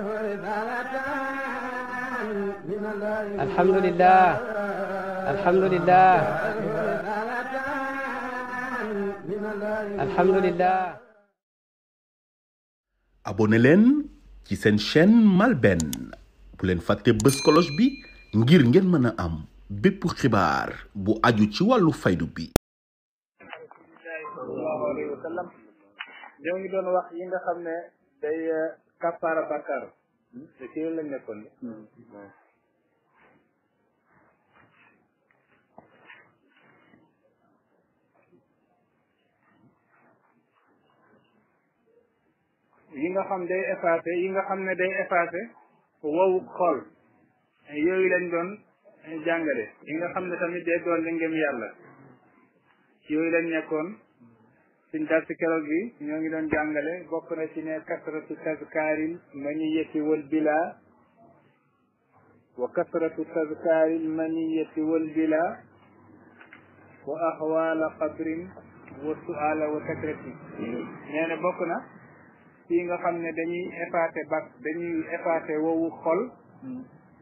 alhamdulilah alhamdulilah alhamdulilah. abonné leen ci seen chen MALBN bu leen fàtte bës cloche bi ngir ngeen mën a am bépp xibaar bu aju ci wàllu faydu bi. ñoo ngi doon wax yi nga xam ne day. kàppaara bàkkaar hmm? te mm. yi nga xam day effacé yi nga xam ne day effacé wowu xol yooyu lañ doon eh, jàngale yi nga xam ne tamit day doon li ngëm yàlla yooyu lañ nekkoon suñ dal si keroog bi ñoo ngi doon jàngale bokk na ci ne kasratu tazkarin maniyati wal bila wa kasratu tazkarin maniyati wal bila wa ahwala qabrin wa suala wa kasrati nee na bokk na fii nga xam ne dañuy effacé bak dañuy effacé wowu xol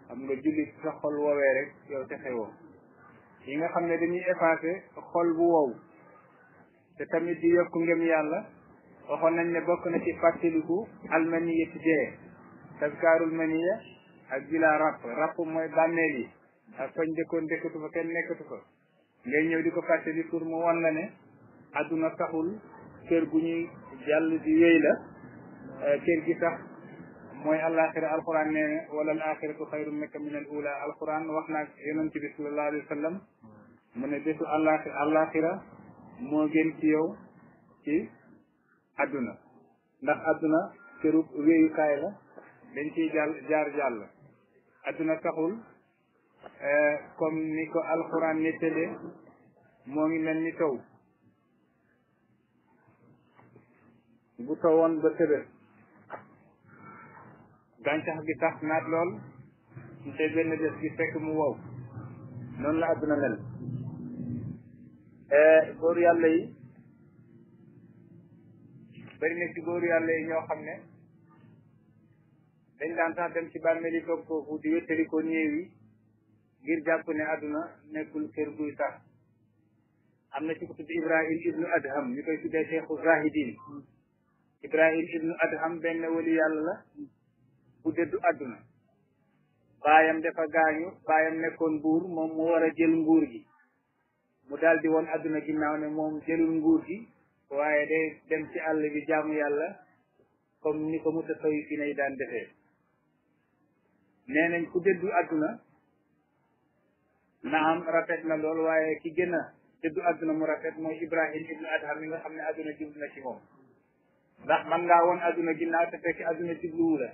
xam nga jullit sa xol woowee rek yow texe woo yi nga xam ne dañuy effacé xol bu wow te tamit di yokk ngëm yàlla waxoon nañ ne bokk na ci fàttaliku almaniya ci dee tazkaarul maniya ak bila ràpp ràpp mooy bàmmeel yi ak fañ dëkkoon dëkkatu fa kenn nekkatu fa ngay ñëw di ko fàttali pour mu won la ne adduna taxul kër gu ñuy jàll di wéy la eh, kër gi sax mooy alaxira alquran nee na wala al axiratu xayru minka min al ula alquran wax naag yonent bi sallallahu alayhi wa sallam mu ne bésu alaxira moo gën ci yow ci àdduna ndax àdduna kërub wéyukaay la dañ ci jàll jaar jàll adduna taxul eh, comme ni ko alxuraan nettale moo ngi mel ni taw bu tawoon ba tëbër gàncax gi tax naat lool te benn des gi fekk mu wow noonu la adduna mel Eh, góor yàlla yi bëri na ci góor yàlla yi ñoo xam ne dañ daan sax dem ci bàmmeel yi toog foofu di wéttalikoo néew yi ngir jàpp ne àdduna nekkul kër guy sax am na ci ko tudd Ibrahim ibnu Adham ñu koy tuddee Cheikhu Zahidin Ibrahim ibnu Adham benn wali yàlla la bu dëddu àdduna baayam dafa gaañu baayam nekkoon buur moom mu war a jël nguur gi mu daal di àdduna adduna ginnaaw ne moom jëlul nguur gi waaye day dem ci àll bi jaamu yàlla comme ni ko mutasawi fi nay daan defee nee nañ ku dëddu adduna naam rafet na lool waaye ki gën a dëddu adduna mu rafet mooy Ibrahim ibnu Adham mi nga xam ne adduna jublu na ci moom ndax man ngaa woon àdduna ginnaaw te fekk adduna jubluwu la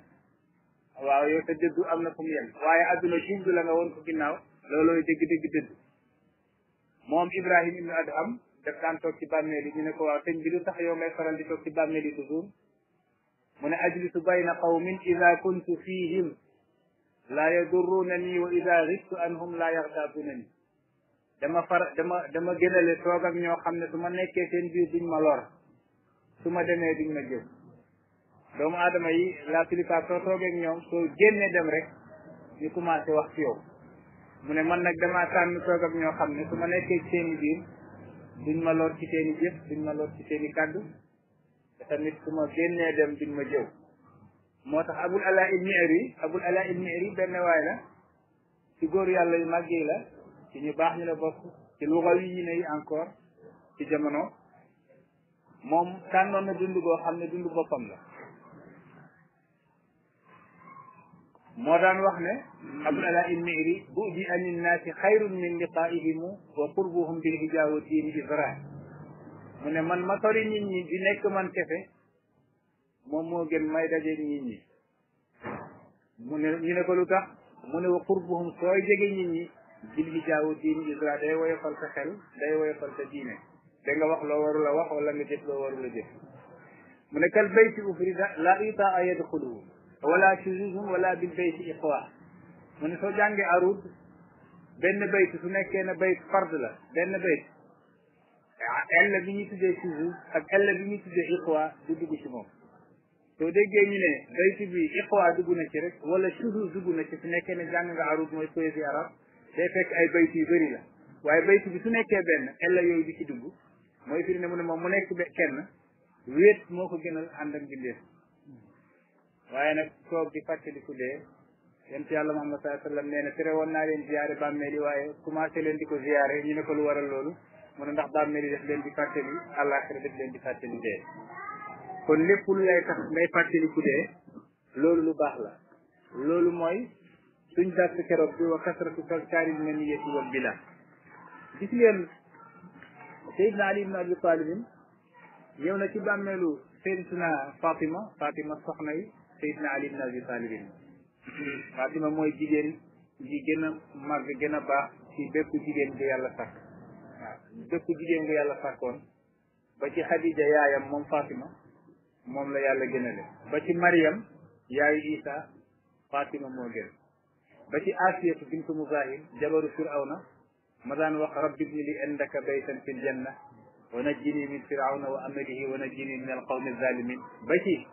waaw yow te dëddu am na fu mu yem waaye àdduna jublu la nga woon ko ginnaaw loolooy dëgg-dëgg dëddu moom Ibrahima ibnu Adham daf daan toog ci bàmmeel yi ñu ne ko waaw sëñ bi lu tax yow ngay faral di toog ci bàmmeel yi toujours mu ne ajlisu bayna qawmin ida kuntu fihim laa yadurruuna nii wa ida ribtu anhum laa yaxdaabuuna nii dama far dama dama gënale toog ak ñoo xam ne su ma nekkee seen biir duñ ma lor su ma demee duñ ma jëf doomu aadama yi la plupart soo toogee ñoom soo génnee dem rek ñu commencé wax ci yow mu ne man nag damaa tànn toog ak ñoo xam ne su ma nekkee seeni seen i biir duñ ma lor ci seeni jëf duñ ma lor ci seen kàddu te tamit su ma génnee dem duñ ma jëw moo tax abul ala ilmiiri abul ala ilmiiri benn waay la ci góor yàlla yu màgg yi la ci ñu baax ñu la bokk ci lu yi ñu ne yi encore ci jamono moom tànnoon na dund goo xam ne dund boppam la moo daan wax ne abul ala il miri bu bi an innaasi xayrun min liqaihim wa qurbuhum bil hijawatin ibrahim mu ne man ma sori nit ñi di nekk man kefe moom moo gën may daje nit ñi mu ne ñu ne ko lu tax mu ne wa qurbuhum sooy jege nit ñi bil hijawatin ibrahim day woyofal sa xel day woyofal sa diine da nga wax loo warul wax wala nga jëf loo warul jëf mu ne kal bayti ufrida la itaa yadxuluhu wala shuzuzun wala bil bayti iqwa mu ne soo jàngee arud benn bayt su nekkee ne bayt fard la benn bayt ella bi ñuy tuddee shuzuz ak ella bi ñuy tuddee iqwa du dugg ci moom soo déggee ñu ne bayt bi iqwa dugg na ci rek wala shuzuz dugg na ci su nekkee ne jàng nga arud mooy poésie arab day fekk ay bayt yu bëri la waaye bayt bi su nekkee benn ella yooyu du ci dugg mooy firi ne mu moom mu nekk kenn wéet moo ko gënal ànd ak bindeef waaye nag toog di fàttaliku dee yonent yàlla Muhammad sallallahu sa la sallam nee na tere woon naa leen ziyaare bàmmeel yi waaye commencé leen di ko ziyaare ñu ne ko lu waral loolu mu ne ndax bàmmeel yi def leen di fàttali àllaaxira def leen di fàttali dee kon lépp lu lay tax ngay ku dee loolu lu baax la loolu mooy suñ dàtt keroog bi wa kasratu tazkaaril maniyati wal bila gis ngeen Seydina Ali ibn Abi Talib ñëw na ci bàmmeelu Seydina Fatima Fatima soxna yi Seydina Ali ibn Abi Talibin Fatima mooy jigéen ji gën a màgg gën a baax ci bépp jigéen bu yàlla sàkk waaw bépp jigéen bu yàlla sàkkoon ba ci Xadija yaayam moom Fatima moom la yàlla gënale ba ci Mariam yaayu Isa Fatima moo gën ba ci Asiyatu bintu Muzahim jabaru Firawna ma daan wax rabbi ibni li indaka baytan fil janna wa najjini min firawna wa amalihi wa najjini min alqawmi alzalimin ba ci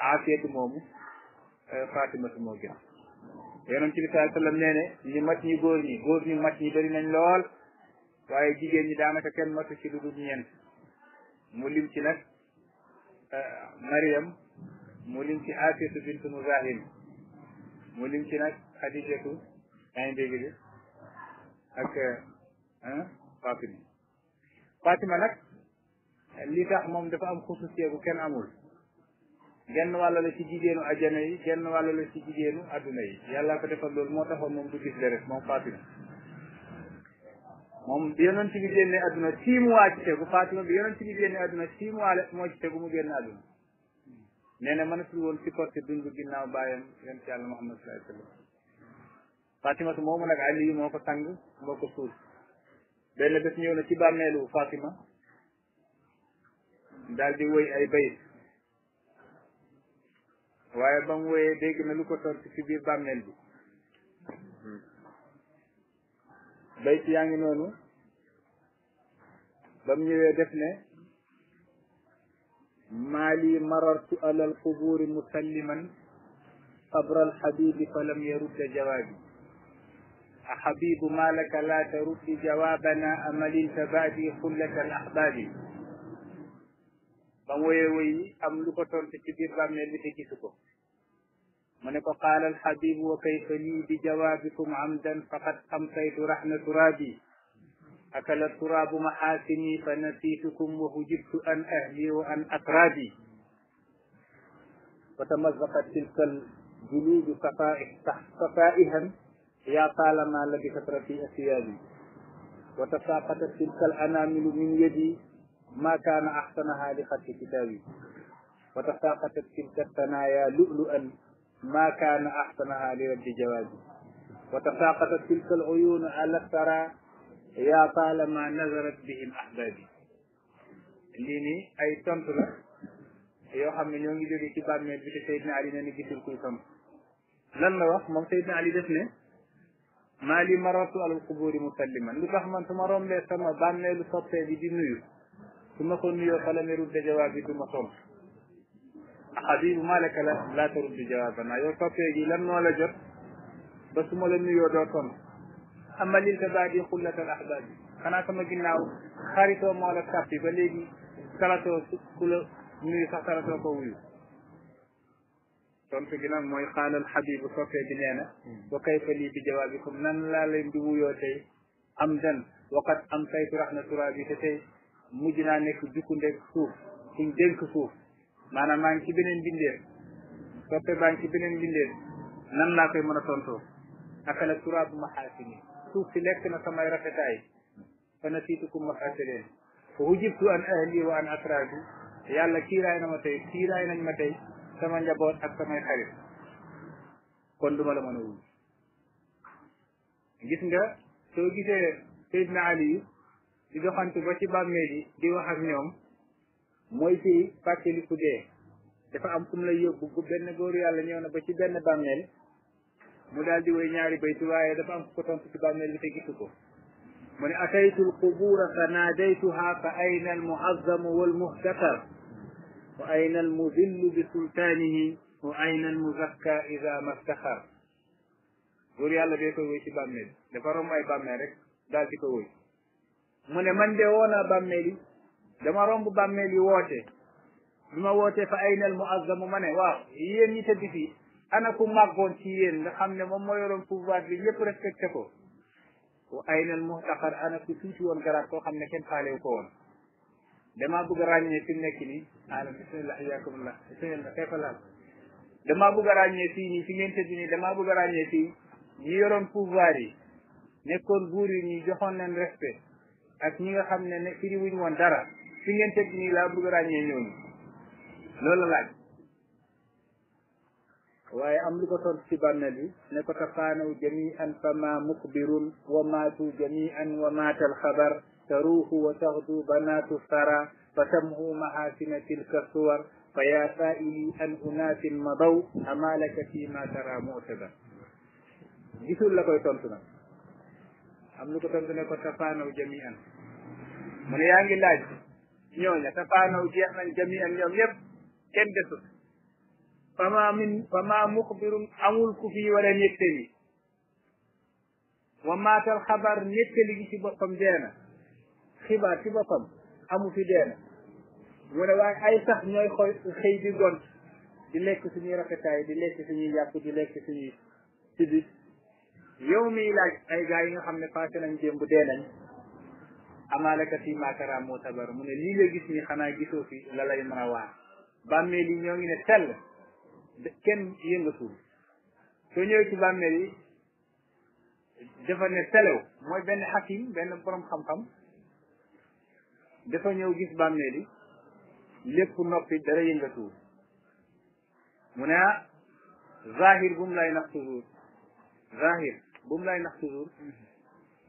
aafiyatu moomu euh, fatimatu moo gën yonent bi sallallahu alayhi wasallam nee mat ñi góor ñi góor ñu mat ñi bëri nañ lool waaye jigéen ñi daanaka kenn matu ci lu dul ñeent mu lim ci nag euh, Mariam mu lim ci Aafiyatu bintu Muzaahim mu lim ci nag Xadijatu yaa ngi dégg bi ak euh, Fatima Fatima nag li tax moom dafa am xususiye gu kenn amul genn wàll la ci jigéenu ajjana yi genn wàll la ci jigéenu adduna yi yàlla ko defal loolu moo taxoon moom du gis deret moom Fatima moom bi yonent bi génne adduna six mois ci tegu Fatima bi yonent bi génne adduna six mois moo ci tegu mu génn adduna nee na mënatul woon supporté dund ginnaaw bàyyam yonent yàlla Muhammad sallallahu alayhi wa sallam Fatimatu moomu nag Aliyu moo ko sang moo ko suul benn bés ñëw na ci bàmmeelu Fatima daal di waaye ba mu wooyee dégg na lu ko tontu ci biir bàmmeel bi bayt yaa ngi noonu ba mu ñëwee def ne maali marartu ala alqubuuri musalliman qabra alxabibi fa lam yarudda jawaabi a xabibu malaka la taruddi jawaabana amalinta baadi xullata alaxbaabi ba mu woyee woy yi am lu ko tontu ci biir bàmmeel bi te gisu ko mu ne ko qaala alxabibu wa kayfa lii bi jawaabikum amdan faqad amsaytu rahna turaabi akala turaabu maxaasini fa nasiitukum wa hujibtu an ahli wa an atraabi wa tamazaqat tilka aljuluudu safaa'ihan yaa taalamaa labisat rafi asiyaabi wa tasaaqatat tilka alanaamilu min yadi ما كان أحسن أحسنها لخط كتابي وتساقطت تلك الثنايا لؤلؤا ما كان أحسنها لرد جوابي وتساقطت تلك العيون على الثرى يا طالما نظرت بهم أحبابي ليني أي تنطلع يوحى من يوم يجري كبار من بيت سيدنا علي نجي تلك الكم لن نرح من سيدنا علي دفنة ما لي مرات على القبور مسلما لتحمن تمرهم لي سما بان لي لصبتي دي نيو ثم كن يقال يرد جوابي ثم صوم حبيب مالك لا, لا ترد جوابنا يو توفي لم ولا جر بس ما لم يو دوتون اما بعد قلة الاحباب انا كما قلنا خارطو مولا كافي بلغي سلاتو كل نيو سلاتو كويو tontu gi nag mooy xaalal xabibu soppee bi وكيف لي بجوابكم نن لا bi jawaabikum nan laa leen di wuyoo mujj naa nekk jukkundeeg suuf suñ dénk suuf maanaam maa ngi ci beneen bindéef soppe baa ngi nan laa koy mën a tontoo akala turaabu maxaasini suuf si lekk na samay rafetaay fa nasiitukum maxaasilin fa hujibtu an ahli wa an asraabi yàlla kiiraay na ma tey kiiraay nañ ma tey sama njaboot ak samay xarit kon duma la mën a gis nga soo gisee Seydina Ali di doxantu ba ci bàmmeel di di wax ak ñoom mooy fii fàttali ku dee dafa am kum lay yóbbu bu benn góor yàlla ñëw na ba ci benn bàmmeel mu daal di woy ñaari bayti waaye dafa am ko tontu ci bàmmeel bi te gisu ko mu ne ataytu alqubura fa naadaytuha fa ayna almuazzamu walmuhtakar wa ayna almudillu bi sultaanihi wa ayna almuzakka ida mastakar góor yàlla bee koy woy ci bàmmeel dafa rom ay bàmmeel rek daal di ko woy mu ne man de woonaa bàmmeel yi dama romb bàmmeel yi woote bi ma wootee fa ay nel mu azzamu ma ne waaw yéen ñi tëdd fii ana ku màggoon ci yéen nga xam ne moom moo yoroon pouvoir bi ñëpp respecté ko ay nel muhtaqar ana ku tuuti woon garaat koo xam ne kenn faalewu ko woon damaa bëgg a ràññee fi mu nekk nii ala bismillah iyakumullah bismillah damaa bëgg a ràññee fii nii fi ngeen tëdd nii damaa bëgg ràññee fii ñi yoroon pouvoir yi nekkoon buur yi ñi joxoon leen respect ak ñi nga xam ne ne firi wuñ woon dara fi ngeen teg nii laa bëgg ràññee ñooñu loolu laaj waaye am lu ko tont ci bàmmeel bi ne ko tafaanaw jamian fama muqbirun wa maatu jamian wa maata alxabar taruuhu wa taxdu banaatu sara fa tamhu mahasina tilka suwar fa yaa saaili an unaasin madaw amalaka fi ma tara mutada gisul la koy tontu nag am lu ko tontu ne ko tafaanaw jamian mu yaa ngi laaj ñooña tafaanaw jeex nañ jamian ñoom ñëpp kenn desut fama min fama muxbirum amul ku fi war a nettali wa maatal xabar nettali gi ci boppam deena xibaar ci boppam amu fi deena mu waaye ay sax ñooy xëy di gont di lekk suñuy rafetaay di lekk suñuy yàpp di lekk suñuy sidit yow miy laaj ay gars yi nga xam ne passé nañ démb dee nañ amaalaka fi maakara moo tabar mu ne lii nga gis ni xanaa gisoo fi la lay mën a waar bàmmeel yi ñoo ngi ne sell kenn yëngatuwul soo ñëwee ci bàmmeel yi dafa ne selew mooy benn xakim benn borom xam-xam dafa ñëw gis bàmmeel yi lépp noppi dara yëngatuwul mu ne ah zahir bu mu lay nax toujours zahir bu lay nax toujours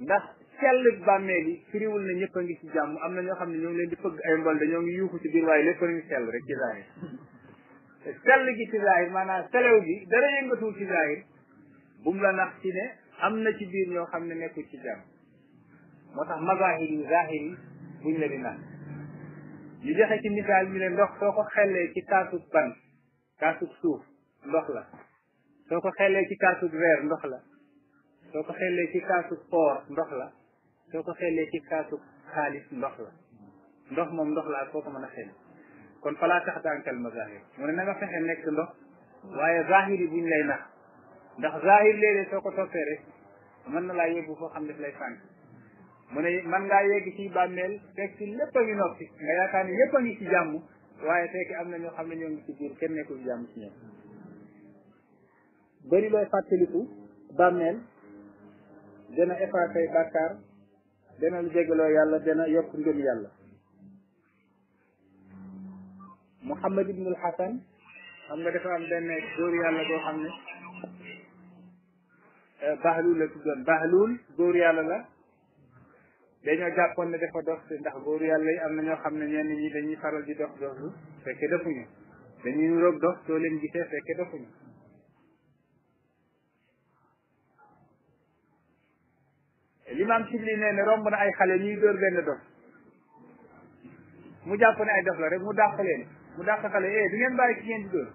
ndax sell bàmmeel yi firiwul na ñëpp a ngi ci jàmm am na ñoo xam ne ñoom ngi leen di fëgg ay mbol dañoo ngi yuuxu ci biir waaye lépp a ngi rek ci zahir sell gi ci zahir maanaam selew gi dara yëngatuwul ci zahir bu la nax ci ne am na ci biir ñoo xam ne nekkul ci jàmm moo tax mazahir yi zahir yi buñ la di nax ñu joxe ci misaal ñu ne ndox soo ko xellee ci kaasub ban kaasub suuf ndox la soo ko xellee ci kaasub weer ndox la soo ko xellee ci kaasu koor ndox la soo ko xelee ci kaasu ndox la ndox moom ndox la ak ko mën a xel kon falaa tax dànkal mazahir mu ne na nga fexe nekk ndox waaye zahir yi buñ lay nax ndax zahir léeg-léeg soo ko toppee rek mën na laa yóbbu foo xam ne lay sànq mu ne man ngaa yegg ci bàmmeel fekk ci lépp a ngi noppi nga yaakaar ne yépp ngi ci jàmm waaye fekk am na ñoo xam ne ñoo ngi ci biir kenn nekkul jàmm ci ñoom bëri looy fàttaliku bàmmeel dana effacé bàkkaar dana jégaloo yàlla dana yokk ngëm yàlla Muhammad ibnul Hasan xam nga dafa am benn góor yàlla boo xam ne euh, Bahluul la tuddoon Bahluul góor yàlla la dañoo jàppoon ne dafa dox si ndax góor yàlla yi am na ñoo xam ne ñenn ñi dañuy faral di dox doxlu fekke defuñu dañuy roog dox soo leen gisee fekke defuñu limaam Sibli nee na romb na ay xale ñuy dóor benn dof mu jàpp ne ay dof la rek mu dàq leen mu dàq xale eh du ngeen bàyyi ki ngeen di dóor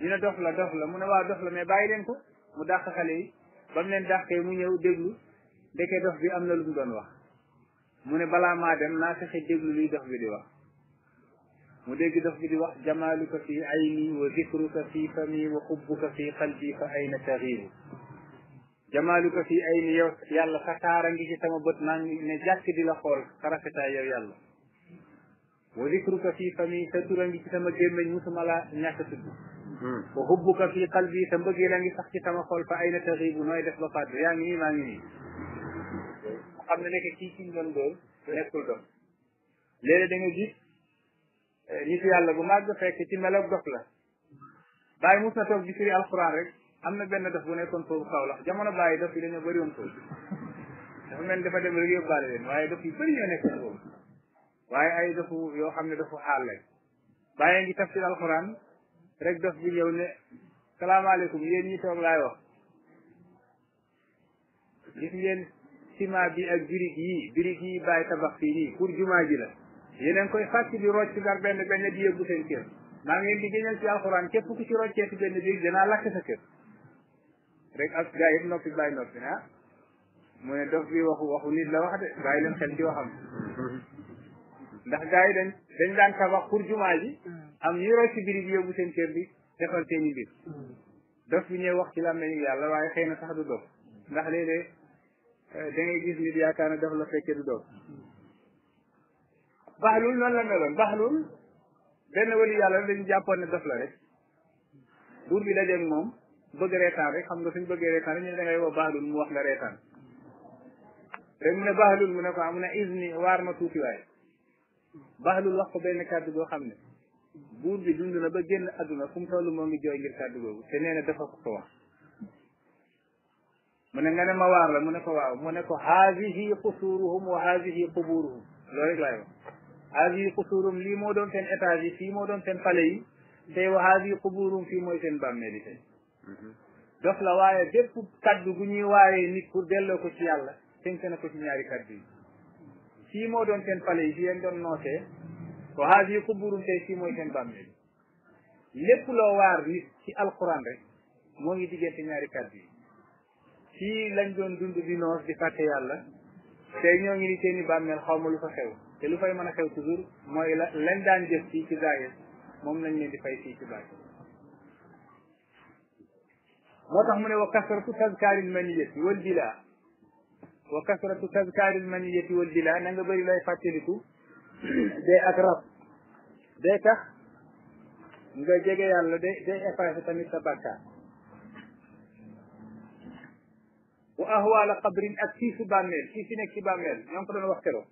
dina dof la dof la mu ne waa dof la mais bàyyi leen ko mu dàq xale yi ba mu leen dàqee mu ñëw déglu ndeke dof bi am na lu mu doon wax mu ne balaa maa dem naa fexe déglu luy dof bi di wax mu dégg dof bi di wax jamaaluka fi ayni wa zikruka fi fami wa xubbuka fi qalbi ay ayna taxiiru jamaaluka fii ay ni yow yàlla sa taara ngi ci sama bët maa ngi ne jàkk di la xool sa rafetaay yow yàlla wa zikruka fii fami sa tura ngi ci sama gémmañ musuma la ñàkk tudd hmm. wa hubbuka fii qalbi sa mbëggee la ngi sax ci sama xool fa ay na taxibu nooy def ba fàddu yaa ngi nii maa ngi nii xam ne nekk kii kiñ doon doon nekkul doon léeg-léeg da nga gis eh, yàlla bu màgg fekk ci meloog dof la bàyyi mus na toog di firi alquran rek am na benn dof bu nekkoon foofu Kaolack jamono bàyyi dof yi dañoo bëri woon foofu dafa mel dafa dem rek yóbbaale leen waaye dof yi bëri ñoo nekkoon waaye ay dofu yoo xam ne dofu xaal lañ bàyyi ngi tafsir alxuraan rek dof bi ñëw ne salaamaaleykum yéen ñi laay wax gis ngeen ciment bi ak yi birig yi bàyyi tabax fii nii pour jumaa ji la yeneen koy fàcc di rocc dar benn benn di yóbbu seen kër maa ngi leen di génneel alxuraan képp ku ci roccee ci benn birig danaa lakk sa kër rek ak gaa yëpp noppi bàyyi noppi ah mu ne dof bi waxu waxu nit la wax de bàyyi leen xel ci waxam ndax gaa yi dañ dañ daan tabax pour jumaa ji am yoro si birig yóbbu seen kër bi defal seen i dof bi ñëw wax ci làmmeñu yàlla waaye xëy na sax du dof ndax léeg-léeg eh, da nit yaakaar ne dof la fekke du dof baxlul noonu la meloon baxlul benn wali yàlla dañu jàppoon ne dof la rek buur bi dajeeg moom bëgg reetaan rek xam nga suñ bëggee reetaan ñu ne da ngay woo baaxlul mu wax la reetaan rek mu ne baaxlul mu ne ko mu ne isni waar ma tuuti waaye lu wax ko benn kàddu goo xam ne buur bi dund na ba génn àdduna fu mu toll moo ngi jooy ngir kàddu googu te nee na dafa ko ko wax mu ne nga ne ma waar la mu ne ko waaw mu ne ko haadihi xusuuruhum wa haadihi qubuuruhum loolu rek laay wax haadihi xusuuruhum lii moo doon seen étage yi moo doon seen pale yi wa haadihi qubuuruhum fii mooy seen Mm-hmm. dof la waaye bépp kaddu bu ñuy waaree nit pour delloo ko ci yàlla tënk na ko ci ñaari kaddu yi fii moo doon seen pale yi fi yéen doon noosee wa haadihi quburum tey fii mooy seen bàmmeel lépp loo waar nit ci alquran rek moo ngi diggante ñaari kaddu yi fii lañ doon dund di noos di fàtte yàlla tey ñoo ngi ni seen bàmmeel xaw ma lu fa xew te lu fay mën a xew toujours mooy la lañ daan jëf fii ci zaahir moom lañ leen di fay sii ci baat وتهم وكثرة تذكار المنية والدلاء وكثرة تذكار المنية والدلاء نقبل نعم، لا يفتلك دي أقرب دي تخ نقول جيجا يالله دي دي أفاسة مستبكة وأهو على قبر أكسيس بامير كيسين أكسي بامير ينقل نوخره نعم،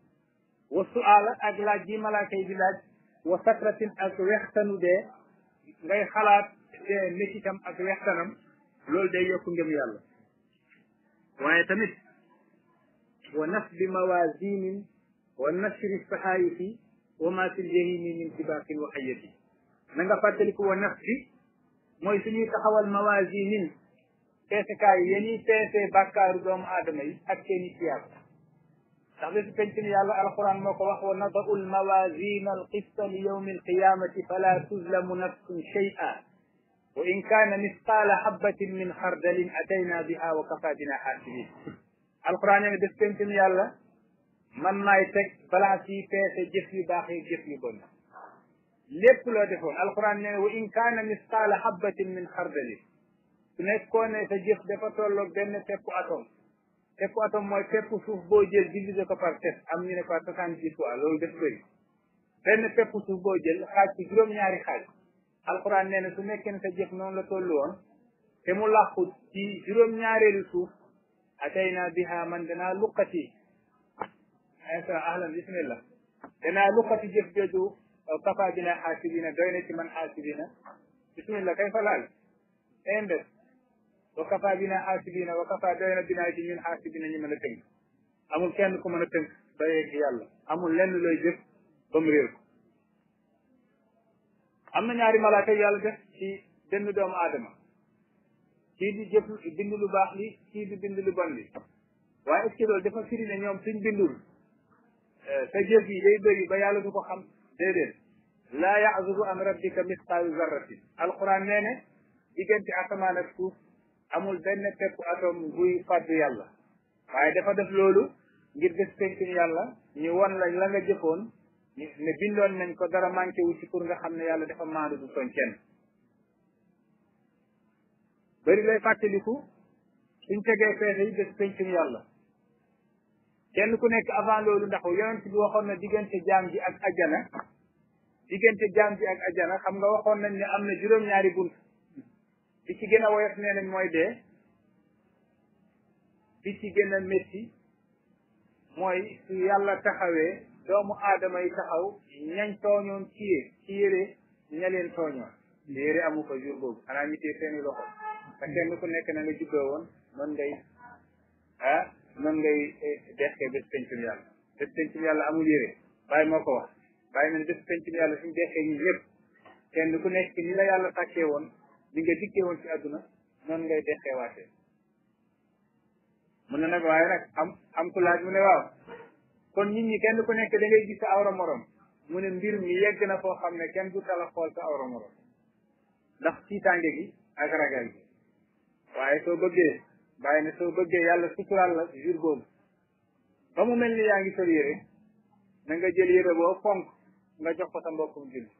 والسؤال أقلا جي ملاكي بلاد وسكرة أكريختنو دي غير خلات دي نتيتم أكريختنم loolu day yokk ngëm yàlla waaye tamit wa nasbi mawasinin wa nasri saxaayifi wa ma fil jahimi min sibaqin wa xayati na nga fàttaliku wa nasbi mooy suñuy taxawal mawasinin peesekaay yenuy peesee bàkkaaru doomu aadama yi ak seeni tiyaab ndax bésu penc ni yàlla alquran moo ko wax wa nadau almawasina alqista li yawmi alqiyamati fala tuzlamu nafsun shay'a وإن كان مثقال حبة من خردل أتينا بها وكفى بنا حاسبين القرآن يعني دفتنتم يا الله من ما يتك بلا سي تيسي جفلي باخي جفلي بنا لب كل القرآن يعني وإن كان مثقال حبة من خردل تنس كون يتجف دفتر لك بنا تبقى أتوم تبقى أتوم ما يتبقى سوف بو جل جل جل كفر تس أمني نفاتكان جفوا دفتر بنا تبقى سوف بو خاتي جرم ياري خاتي alxuraan nee na su nekkee ne sa jëf noonu la toll woon te mu làqu ci juróom-ñaareelu suuf atayna biha man danaa luqati insa ahlan bismillah danaa luqati jëf jooju kafa bina xaasibina doy na ci man xaasibina bismillah kay fa laal en des wa kafa bina xaasibina wa kafa doy na binaa ci ñun xaasibina ñu mën a tënk amul kenn ku mën a tënk doyeeg yàlla amul lenn la jëf ba réer am na ñaari malaaka yàlla def ci benn doomu aadama kii di jëf bind lu baax li kii di bind lu bon li waaye est dafa firi ne ñoom suñ bindul euh, sa jëf yi day bëri ba yàlla du ko xam déedéet laa ya'zubu an rabbika misqaalu zarratin alquran nee ne diggante asamaan ak suuf amul benn pepp atom buy fàddu yàlla waaye dafa def loolu ngir des penk yàlla ñu won la la nga jëfoon ne bindoon nañ ko dara manqué ci pour nga xam ne yàlla dafa maandu du tooñ kenn bëri lay fàttaliku suñ tegee feexe yi des pencum yàlla kenn ku nekk avant loolu ndax yonent bi waxoon na diggante jaam ji ak ajana diggante jaam ji ak ajana xam nga waxoon nañ ni am na juróom-ñaari bunt bi ci gën a woyof nee nañ mooy dee bi ci gën a métti mooy su yàlla taxawee doomu aadama yi taxaw ñañ tooñoon ci yéen ci yére ña tooñoon yére amu fa jour boobu xanaa ñu seeni loxo te kenn ku nekk na nga juddoo woon noonu ngay ah noonu ngay eh, deexkee bés pencum yàlla bés pencum yàlla amul yére bàyyi moo ko wax bàyyi na bés yàlla suñu deexee ñun ñëpp kenn ku nekk ni la yàlla tàkkee woon li nga dikkee woon ci àdduna noonu ngay deexee waatee mun na nag waaye nag am ku laaj mu ne waaw kon nit ñi kenn ku nekk da ngay gis sa awra morom mu ne mbir mi yegg na foo xam ne kenn du tala xool sa awra morom ndax tiitaange gi ak ragal gi waaye soo bëggee bàyyi ne soo bëggee yàlla suturaal la jour boobu ba mu mel ni yaa ngi sol yére na nga jël yére boo fonk nga jox ko sa mbokkum julli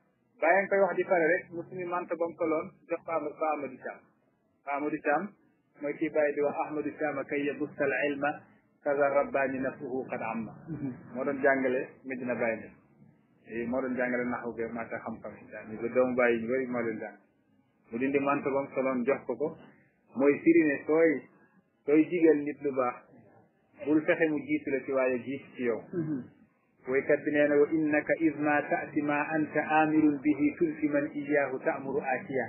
bàyyi nga koy wax di pare rek mu suñu manta ba mu soloon jox ko ama ba Amadou Thiam Amadou Thiam mooy kii bàyyi di wax Ahmadou Thiam kay yabustal ilma kaza rabbaani nafsuhu qad amma moo doon jàngale Medina Baye ne eh, i moo jàngale naxu ge maata xam-xam ñu ba doomu bàyyi ñu bëri moo leen jàng mu dindi manta bam soloon jox ko ko mooy firi ne sooy sooy jigéen nit lu baax bul fexe mu jiitu la ci waaye jiitu ci yow mm-hmm. woykat bi nee na wa innaka isma taati ma anta amirun bihi tulfi man iyaahu taamuru asiya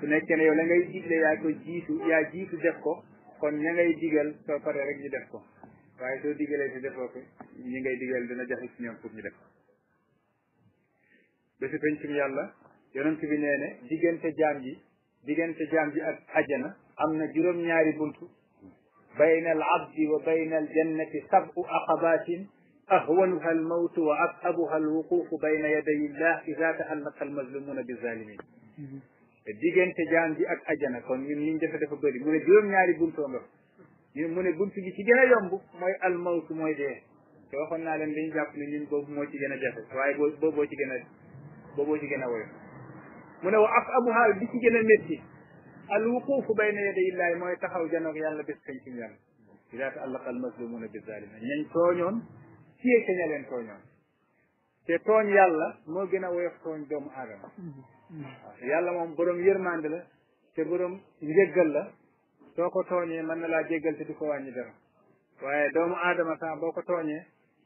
su nekkee ne yow la ngay digle jiitu yaa jiitu def ko kon ña ngay digal soo pare rek ñu waaye soo digalee te defoo ko ñi ngay digal dina jafe ci ñoom pour ñu def bésu pencum yàlla yonent bi nee ne diggante jaam ji ji ak ajjana am na juróom-ñaari buntu bayna al abdi wa bayna al jannati sab'u aqabatin ahwanuha al mawtu wa at'abuha al wuqufu bayna yaday illah ida ta'allaqa al mazlumuna bi zalimin mm-hmm. diggante jaam ji ak ajjana kon ni liñ defe defa bëri mu ne juróom-ñaari buntu nga ñu mu ne bunt bi ci gën a yomb mooy almawtu mooy dee te waxoon naa leen dañu jàpp ne ñun boobu moo ci gën a jafe waaye boo ci gën a booboo ci gën a woyof mu ne wa af abuha bi ci gën a métti al wuquufu bayna yaday illahi mooy taxaw janoog yàlla bés kañ ci yàlla ida taallaqa al mazlumuuna bi zaalimiin ñañ tooñoon fiyee ca ña leen tooñoon te tooñ yàlla moo gën a woyof tooñ doomu aadama waaw mm-hmm. yàlla moom borom yërmande la te borom njëggal la soo ko tooñee mën na laa jéggal te du ko wàññi dara waaye doomu aadama sax boo ko tooñee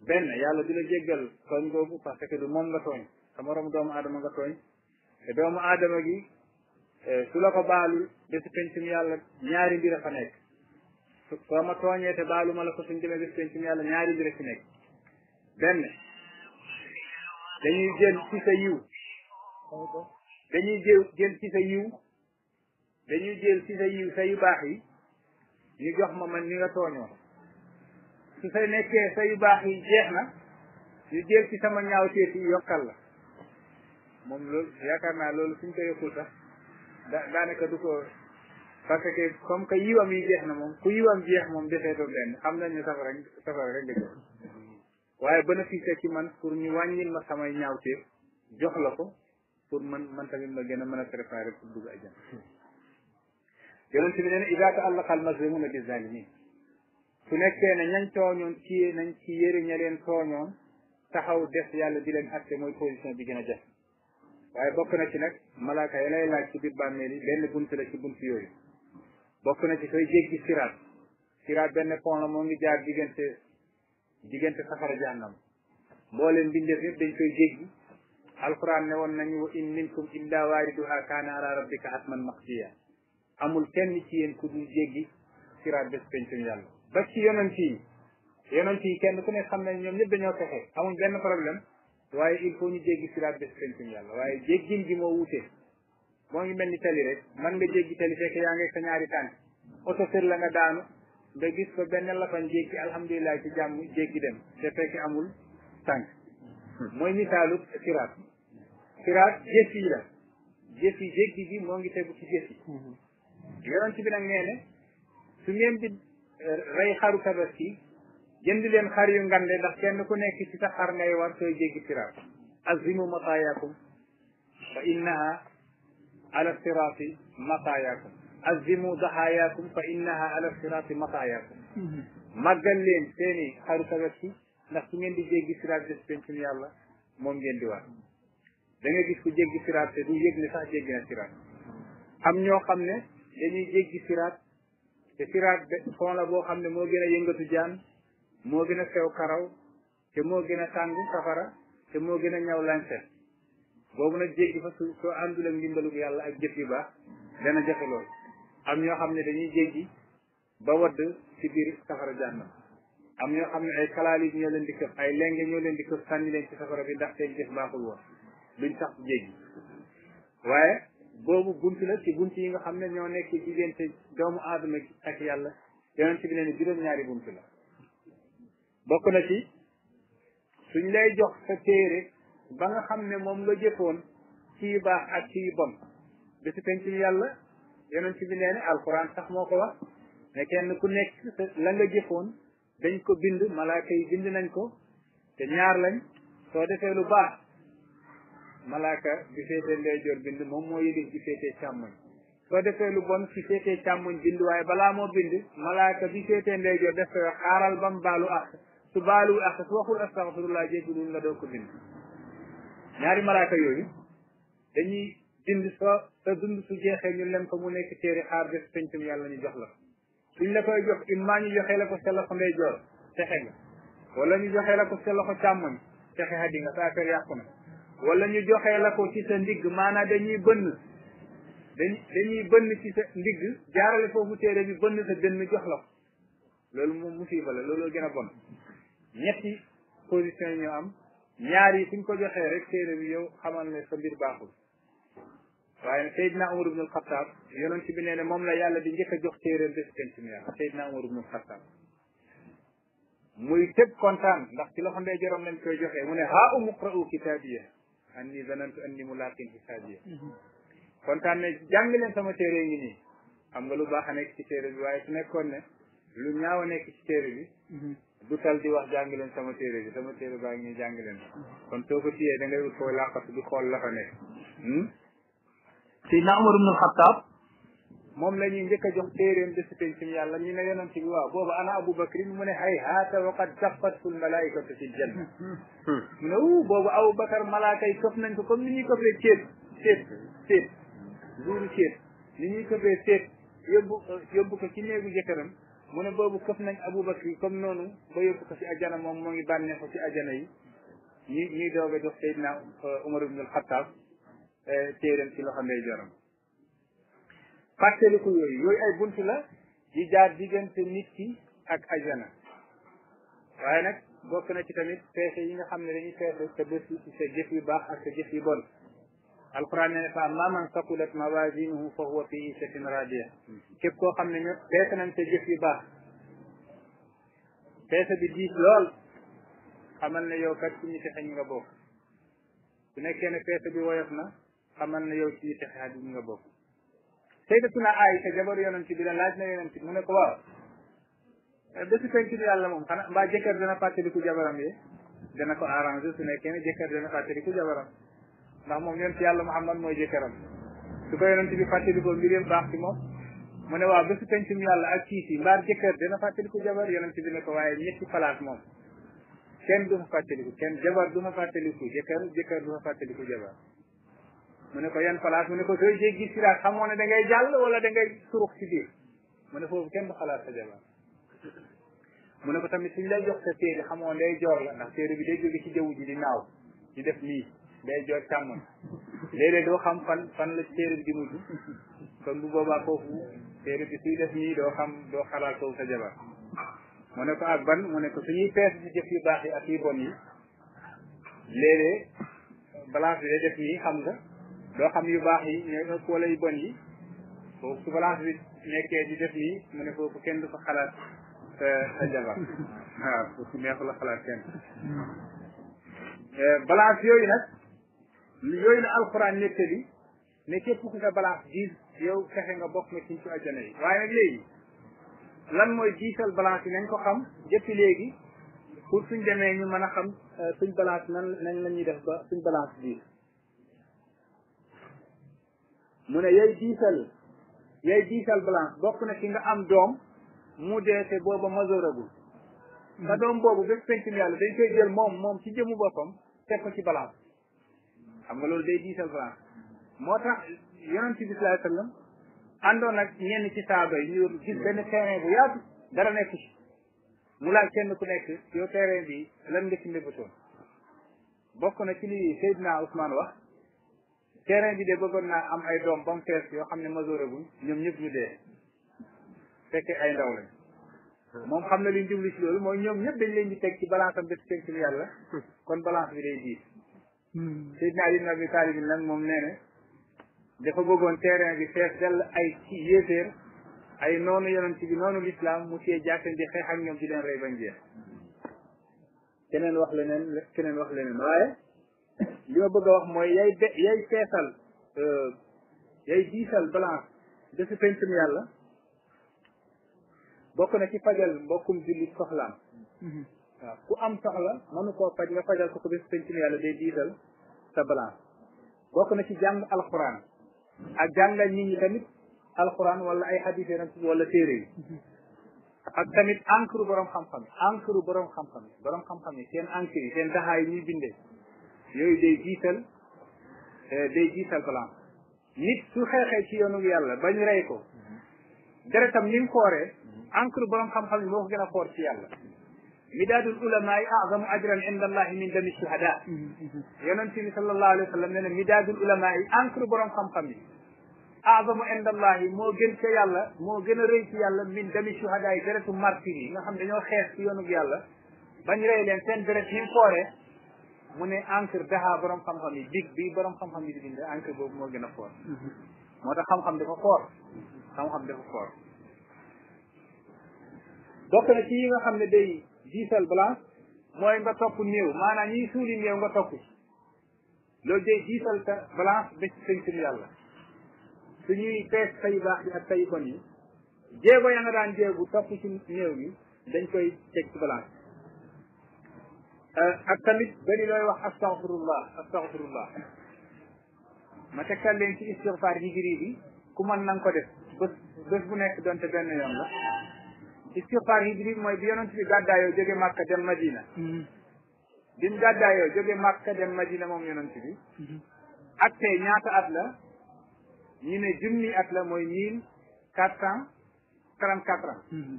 benn yàlla du la jéggal tooñ boobu parce que du moom nga tooñ sa morom doomu aadama nga tooñ te doomu aadama gi eh, su la ko baalul bésu pencum yàlla ñaari mbir a fa nekk soo ma tooñee te ma la ko suñ demee bésu pencum yàlla ñaari mbir a fi nekk benn dañuy jël ci sa yiw dañuy jël dañuy jël ci sa yiw sa yu baax yi ñu jox ma man ni nga tooñoo su sa nekkee sa yu baax yi jeex na ñu jël ci sama ñaawteef yi yokkal la moom loolu yaakaar naa loolu suñ ko yokkul sax da daanaka du ko parce que comme que yiwam yi jeex na moom ku yiwam jeex moom defeetoo benn xam nañ ne safara safara rek nga jox waaye bénéfice ci man pour ñu wàññil ma samay ñaawteef jox la ko pour man man tamit ma gën a mën a préparer pour dugg ajjan yonent bi nee na ida taallaqa almazlimuna bi zalimin ne ñañ tooñoon nañ ci yëri ña taxaw des yàlla di leen atte mooy position bi bokk na ci nag malaaka yi lay laaj ci biir bàmmeel yi benn bunt la ci bunt yooyu bokk na ci sooy jéggi siraat siraat benn pont moo ngi jaar diggante diggante safara jahannam mbooleem mbindeef yëpp dañ koy jéggi alquran ne woon nañu wa in minkum illa waariduha kaana ala rabbika hatman maqdiya amul kenn ci yéen ku dul jéggi siraat bés pencum yàlla ba ci yonent yi yonent kenn ku ne xam nañ ñoom ñëpp dañoo texe amul benn problème waaye il faut ñu jéggi siraat bés pencum yàlla waaye jéggin gi moo wuute moo ngi mel ni tali rek man nga jéggi tali fekk yaa ngi sa ñaari tànk oto sër la nga daanu nga gis ko benn lafañ jéggi alhamdulilah ci jàmm jéggi dem te fekk amul tànk mooy misaalu siraat siraat jëf yi la jëf yi jéggi moo ngi tegu yonent bi nag nee ne su ngeen di eh, rey xaru tabaski jënd leen xar ngande ndax kenn ku nekk ci sa xar ngay war sooy jéggi siraat azimu mataayakum fa innaha ala siraati mataayakum azimu daxaayakum fa innaha ala siraati mataayakum mm-hmm. màggal leen seeni xaru tabaski ndax su ngeen di jéggi siraat des pencum yàlla moom ngeen di war da nga gis ku jéggi siraat te du yëg ne sax jéggi na siraat am ñoo xam ne dañuy jéggi siraat te siraat fond la boo xam ne moo gën a yëngatu jaan moo gën a sew karaw te moo gën a tàng safara te moo gën a ñaw lancet boobu nag jéggi fa su soo yàlla ak jëf yu baax dana jafe am ñoo xam ne dañuy jéggi ba wadd ci biir safara jànnam am ñoo xam ne ay kalaalis ñoo leen di këf ay lenge ñoo leen di këf sànni leen ci safara bi ndax seen jëf baaxul woon luñ sax jéggi waaye boobu bunt la ci bunt yi nga xam ne ñoo nekk diggante doomu aadama ak yàlla yonent bi nee na juróom-ñaari bunt la bokk na ci suñ lay jox sa téere ba nga xam ne moom la jëfoon ci baax ak ci bon bisu penc mi yàlla yonent bi nee na alquran moo ko wax ne kenn ku nekk la nga jëfoon dañ ko bind malaaka yi bind nañ ko te ñaar lañ soo defee lu baax malaaka bi féetee ndeyjoor bind moom moo yëlif bi féetee càmmoñ soo defee lu bon ci féetee càmmoñ bind waaye balaa moo bind malaaka bi féetee ndeyjoor def ko xaaral ba mu baalu ak su baalu ak su waxul astaxfirullah jéggalul la doo ko bind ñaari malaaka yooyu dañuy bind soo sa dund su jeexee ñu lem ko mu nekk téere xaar def pencum yàlla ñu jox la ko suñ la koy jox im maa ñu joxee la ko sa loxo ndeyjoor texe nga wala ñu joxee la ko sa loxo càmmoñ texe xa nga sa yàqu na wala ñu joxe la ko ci sa ndigg maanaam dañuy bënn dañuy dañuy bënn ci sa ndigg jaarale foofu téere bi bënn sa dënn jox la ko loolu moom mu musiba loolu looloo gën a bon ñetti position yi ñu am ñaar yi suñ ko joxee rek téere bi yow xamal ne sa mbir baaxul waaye naa Umar ibnul Xattaab yonent bi nee ne moom la yàlla di njëkk jox téereem bés penc mi yàlla naa Umar ibnul Xattaab muy tëb kontaan ndax ci loxo ndeyjooram lañ koy joxe mu ne haa umu qra'u mu zanantu anni mulaqin hisaabiya mhm. kontaan ne jàng leen sama téere yi nii xam nga lu baax a nekk ci téere bi waaye su nekkoon ne lu ñaaw a nekk ci téere bi mhm. du tal di wax jàng leen sama téere bi sama téere baa ngi nii jàng leen mhm. kon soo ko tiyee da ngay wut foo làqatu di xool la fa nekk Seydina Umar ibn al-Khattab moom la ñuy njëkk jox téeréem bésu tey suñu yàlla ñu ne yonent bi waaw boobu ana abou bacrin mu ne hay haata waqad safattul malaikatu fi janna hmm. mu ne wu boobu abou bacar malaaka yi këf nañ ko comme ni ñuy këfee céet céet céet duuru ni ñuy këfee céet yóbbu yóbbu ko ci néegu jëkkëram mu ne boobu këf nañ abou bacri comme noonu ba yóbbu ko ci ajana moom moo ngi bànnee ko ci ajana yi ñi ñuy doog a jox seydina euh, umar ibn al euh, téeréem ci loxo ndey joram ko yooyu yooyu ay bunt la di jaar diggante nit ki ak ajana waaye nag bokk na ci tamit peese yi nga xam ne dañuy peese sa bés ci sa jëf yu baax ak sa jëf yu bon alquran ne fa ma man saqulat mawazinuhu fa huwa fi ishatin radiya képp koo xam ne ñu peese nañ sa jëf yu baax peese bi diis lool xamal ne yow kat ci ñu texe ñu nga bokk bu nekkee ne peese bi woyof na xamal ne yow ci ñu texe nga bokk sayyidatuna ay jabaru yonent bi la laaj na yonent bi mu ne ko waaw eh, bésu penc bi yàlla moom xanaa mbaa jëkkër dana fàttaliku jabaram yi dana ko arrangé su nekkee ne jëkkër dana fàttaliku jabaram ndax moom yonent yàlla mu mooy jëkkëram su ko yonent bi fàttalikoo mbir yëpp baax ci moom mu ne waaw bésu pencum yàlla ak kiis yi mbaa jëkkër dana fàttaliku jabar yonent bi ne ko waaye ñetti palaas moom kenn du fa fàttaliku kenn jabar du fa fàttaliku jëkkër jëkkër du fa fàttaliku jabar mu ne ko yan place mu ne ko sooy jéggi siraat xamoo ne da ngay jàll wala da ngay surux ci mu ne foofu kenn du xalaat sa jabar mu ne ko tamit suñ lay jox sa téere xamoo day joor la ndax téere bi day jóge ci jaww ji di naaw di def nii day joor càmmoñ léeg-léeg doo xam fan fan la téere bi di mujj kon bu boobaa foofu téere bi suy def nii doo xam doo xalaat foofu sa jabar mu ne ko ak ban mu ne ko suñuy pees ci jëf yu baax yi ak yu bon yi léeg-léeg balance bi day xam nga doo xam yu baax yi ñooy ëpp wala yu bon yi foofu su balance bi nekkee di def nii mu ne foofu kenn du fa xalaat sa euh, sa jabar waaw foofu la xalaat kenn euh, balance yooyu nag yooyu la alxuraan képp ku yow fexe nga bokk nga ci ci ajjana yi waaye mooy diisal balance yi nañ ko xam jëppi léegi pour suñ demee ñu mën a xam euh, suñ balance nan nañ la ñuy def ba suñ balance diis mu ne yay diisal yay diisal balance bokk na ci nga am doom mu dee te booba majooragul sa doom boobu bés pencum yàlla dañ koy jël moom moom ci jëmu boppam teg ko ci balance xam nga loolu day diisal balance moo tax yonent bi sallallahu alayhi wasallam àndoon ak ñenn ci saaba yi gis benn terrain bu yaatu dara nekk ci mu laaj kenn ku nekk yow terrain bi lan nga ci mbébatoon bokk na ci li Seydina Ousmane wax terrain bi de bëggoon naa am ay doom ba fees yoo xam ne majoré buñ ñoom ñëpp ñu dee fekkee ay ndaw lañ moom xam na li ñu jublu ci loolu mooy ñoom ñëpp dañ leen di teg ci balance am def teg ci yàlla kon balance bi day diis hmm. Seydina Ali ibn Abi Talib nag moom nee dafa bëggoon terrain bi fees dell ay ci yéeféer ay noonu yonent bi noonu l'islam mu cee jàkkan di xeex ak ñoom di leen rey bañ jeex keneen wax leneen keneen wax leneen waaye li ma bëgg a wax mooy yay de yay feesal yay diisal balance de si pencum yàlla bokk na ci fajal mbokkum jullit soxlaam waaw ku am soxla mënu koo faj nga fajal ko ko bés pencum yàlla day diisal sa balance bokk na ci jàng alquran ak jàngal nit ñi tamit alquran wala ay hadith yeneen wala téere yi ak tamit encre borom xam-xam encre borom xam-xam borom xam-xam yi seen encre yi seen daxaa yi ñuy bindee yooyu day jiital euh, day jiital balance nit su xeexee ci yoonu yàlla ba ñu rey ko deretam ni mu fooree encre borom xam-xam ni moo ko gën a foor ci yàlla midaadul ulamaay azamu ajran inda allahi min dami shuhada yonent bi sallallahu alayhi wa sallam nee na midaadul ulamaay encre borom xam-xam yi azamu inda allahi moo gën ca yàlla moo gën a rëy ci yàlla min dami shuhada yi deretu martyr yi nga xam dañoo xeex ci yoonu yàlla bañ rey leen seen deret ni mu fooree mu ne encre daxaa borom xam-xam yi dig bi borom xam-xam yi di bind encre boobu moo gën a foor mhm. moo tax xam-xam ko foor xam-xam dafa foor bokk na ci yi nga xam ne day diisal balance mooy nga topp néew maanaam ñiy suuli néew nga topp ci loolu day diisal ta balance ba ci sëñ yàlla suñuy pees say baax yi ak say bon yi jéego ya nga daan jéegu topp ci néew bi dañ koy teg ci balance Euh, ak tamit bëri looy wax astaghfirullah astaghfirullah ma tegtal leen ci istighfar hijri bi ku man na ko def bés bés bu nekk donte benn yoon la istighfar hijri mooy bi yonent bi gàddaayoo jóge Màkka dem Madina mm-hmm. bi mu gàddaayoo jóge Màkka dem Madina moom yonent bi mm-hmm. ak tey ñaata at la ñu ne junni at la mooy mille quatre cent trente quatre ans mm-hmm.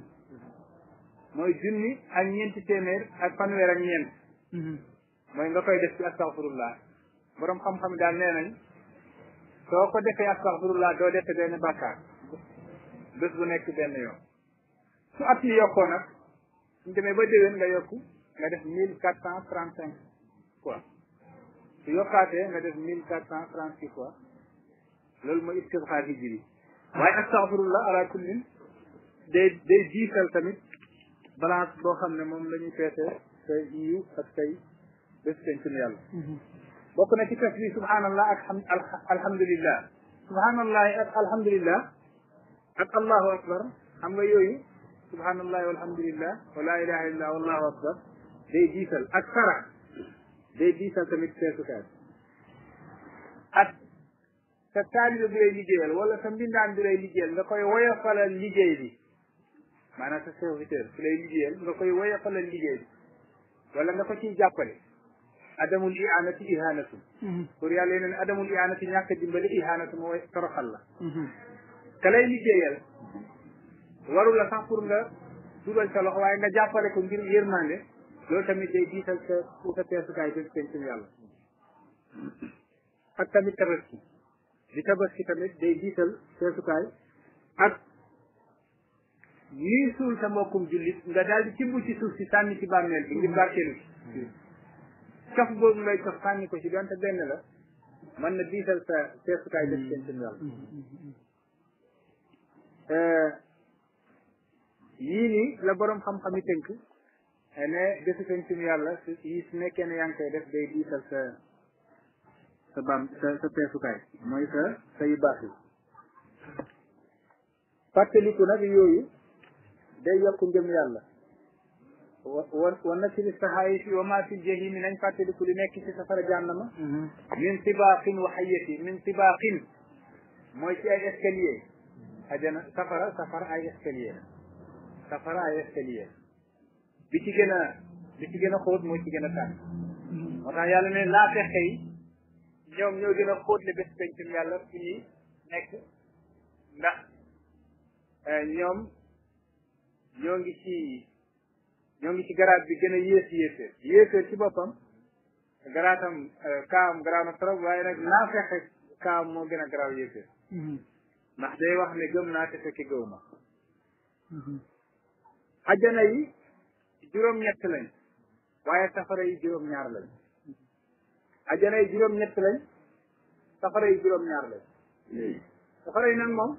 mooy junni ak ñeenti téeméer ak fanweer ak ñeent Mm-hmm. mooy nga koy def ci astaghfirullah borom xam-xam daal nee nañ soo ko defee astaghfirullah doo defee benn bàkkaar bés bu nekk benn yoon su at yi yokkoo nag suñ demee ba déwén nga yokku nga def mille quatre cent trente cinq fois su yokkaatee nga def mille quatre cent trente six fois loolu mooy istixfaar hijri bi waaye astaghfirullah ala kullin day day jiital tamit balance boo xam ne moom la ñuy peesee te yiw ak tey bés pencum yàlla bokk na ci kas bi subhanallah ak alhamdulillah subhanallah ak alhamdulillah ak allahu akbar xam nga yooyu subhanallah walhamdulillah wa la ilaha illa wallahu akbar day diisal ak sara day diisal tamit feesukaay ak sa taalibe bi lay liggéeyal wala sa mbindaan bi lay liggéeyal nga koy woyofalal liggéey bi maanaam sa serviteur bi lay liggéeyal nga koy woyofalal liggéey bi ولا نفسي جاكولي ادم الاعانه اهانه قريا لين ادم الاعانه ياك دمبل اهانه مو ترخ الله كلاي لي جيل ورولا سافورنا دوبل تلا واي نجا فالكو ندير يرمانه لو تامي دي ديتال سا سوتا تيس كاي دي سنتي يالا حتى مي ترسي ديتا بس كي تامي دي ديتال سا سوتا اك ñuy suul sa mbokkum jullit nga daal di ci suuf si sànni ci bàmmeel bi ngir barkeelu ci cof boobu ngay cof sànni ko ci donte benn la mën na diisal sa seesukaay def seen seen yàlla eh, yii nii la boroom xam-xam yi tënk eh, ne defu seen seen yàlla yi su nekkee ne yaa ngi koy def day diisal sa sa bam sa sa peesukaay mooy sa sa yu yi fàttaliku nag yooyu day yokk ngëm yàlla wa wa nasiri sahaayisi wa maa fil jahimi nañ fàttaliku li nekk ci safara jànnama mm-hmm. min sibaqin wa min sibaqin mooy ci ay escalier ajana safara safara ay escalier safara ay escalier bi ci gën a bi gën a xóot mooy ci gën a tàng mm-hmm. moo tax yàlla ne laa fexe yi ñoom ñoo gën a xóot le bés pencum yàlla fi nekk ndax eh, ñoom ñoo ngi ci ñoo ngi ci garaat bi gën a yées yéeféer yéeféer ci boppam garaatam euh, kaam garaaw na trop waaye nag naa fexe kaam moo gën a garaaw yéeféer mm-hmm. ndax day wax ne gëm naa te fekki gëw ma ajjana mm-hmm. yi juróom-ñett lañ waaye safara yi juróom-ñaar lañ ajjana yi juróom-ñett lañ safara yi juróom-ñaar lañ mm. safara yi nag moom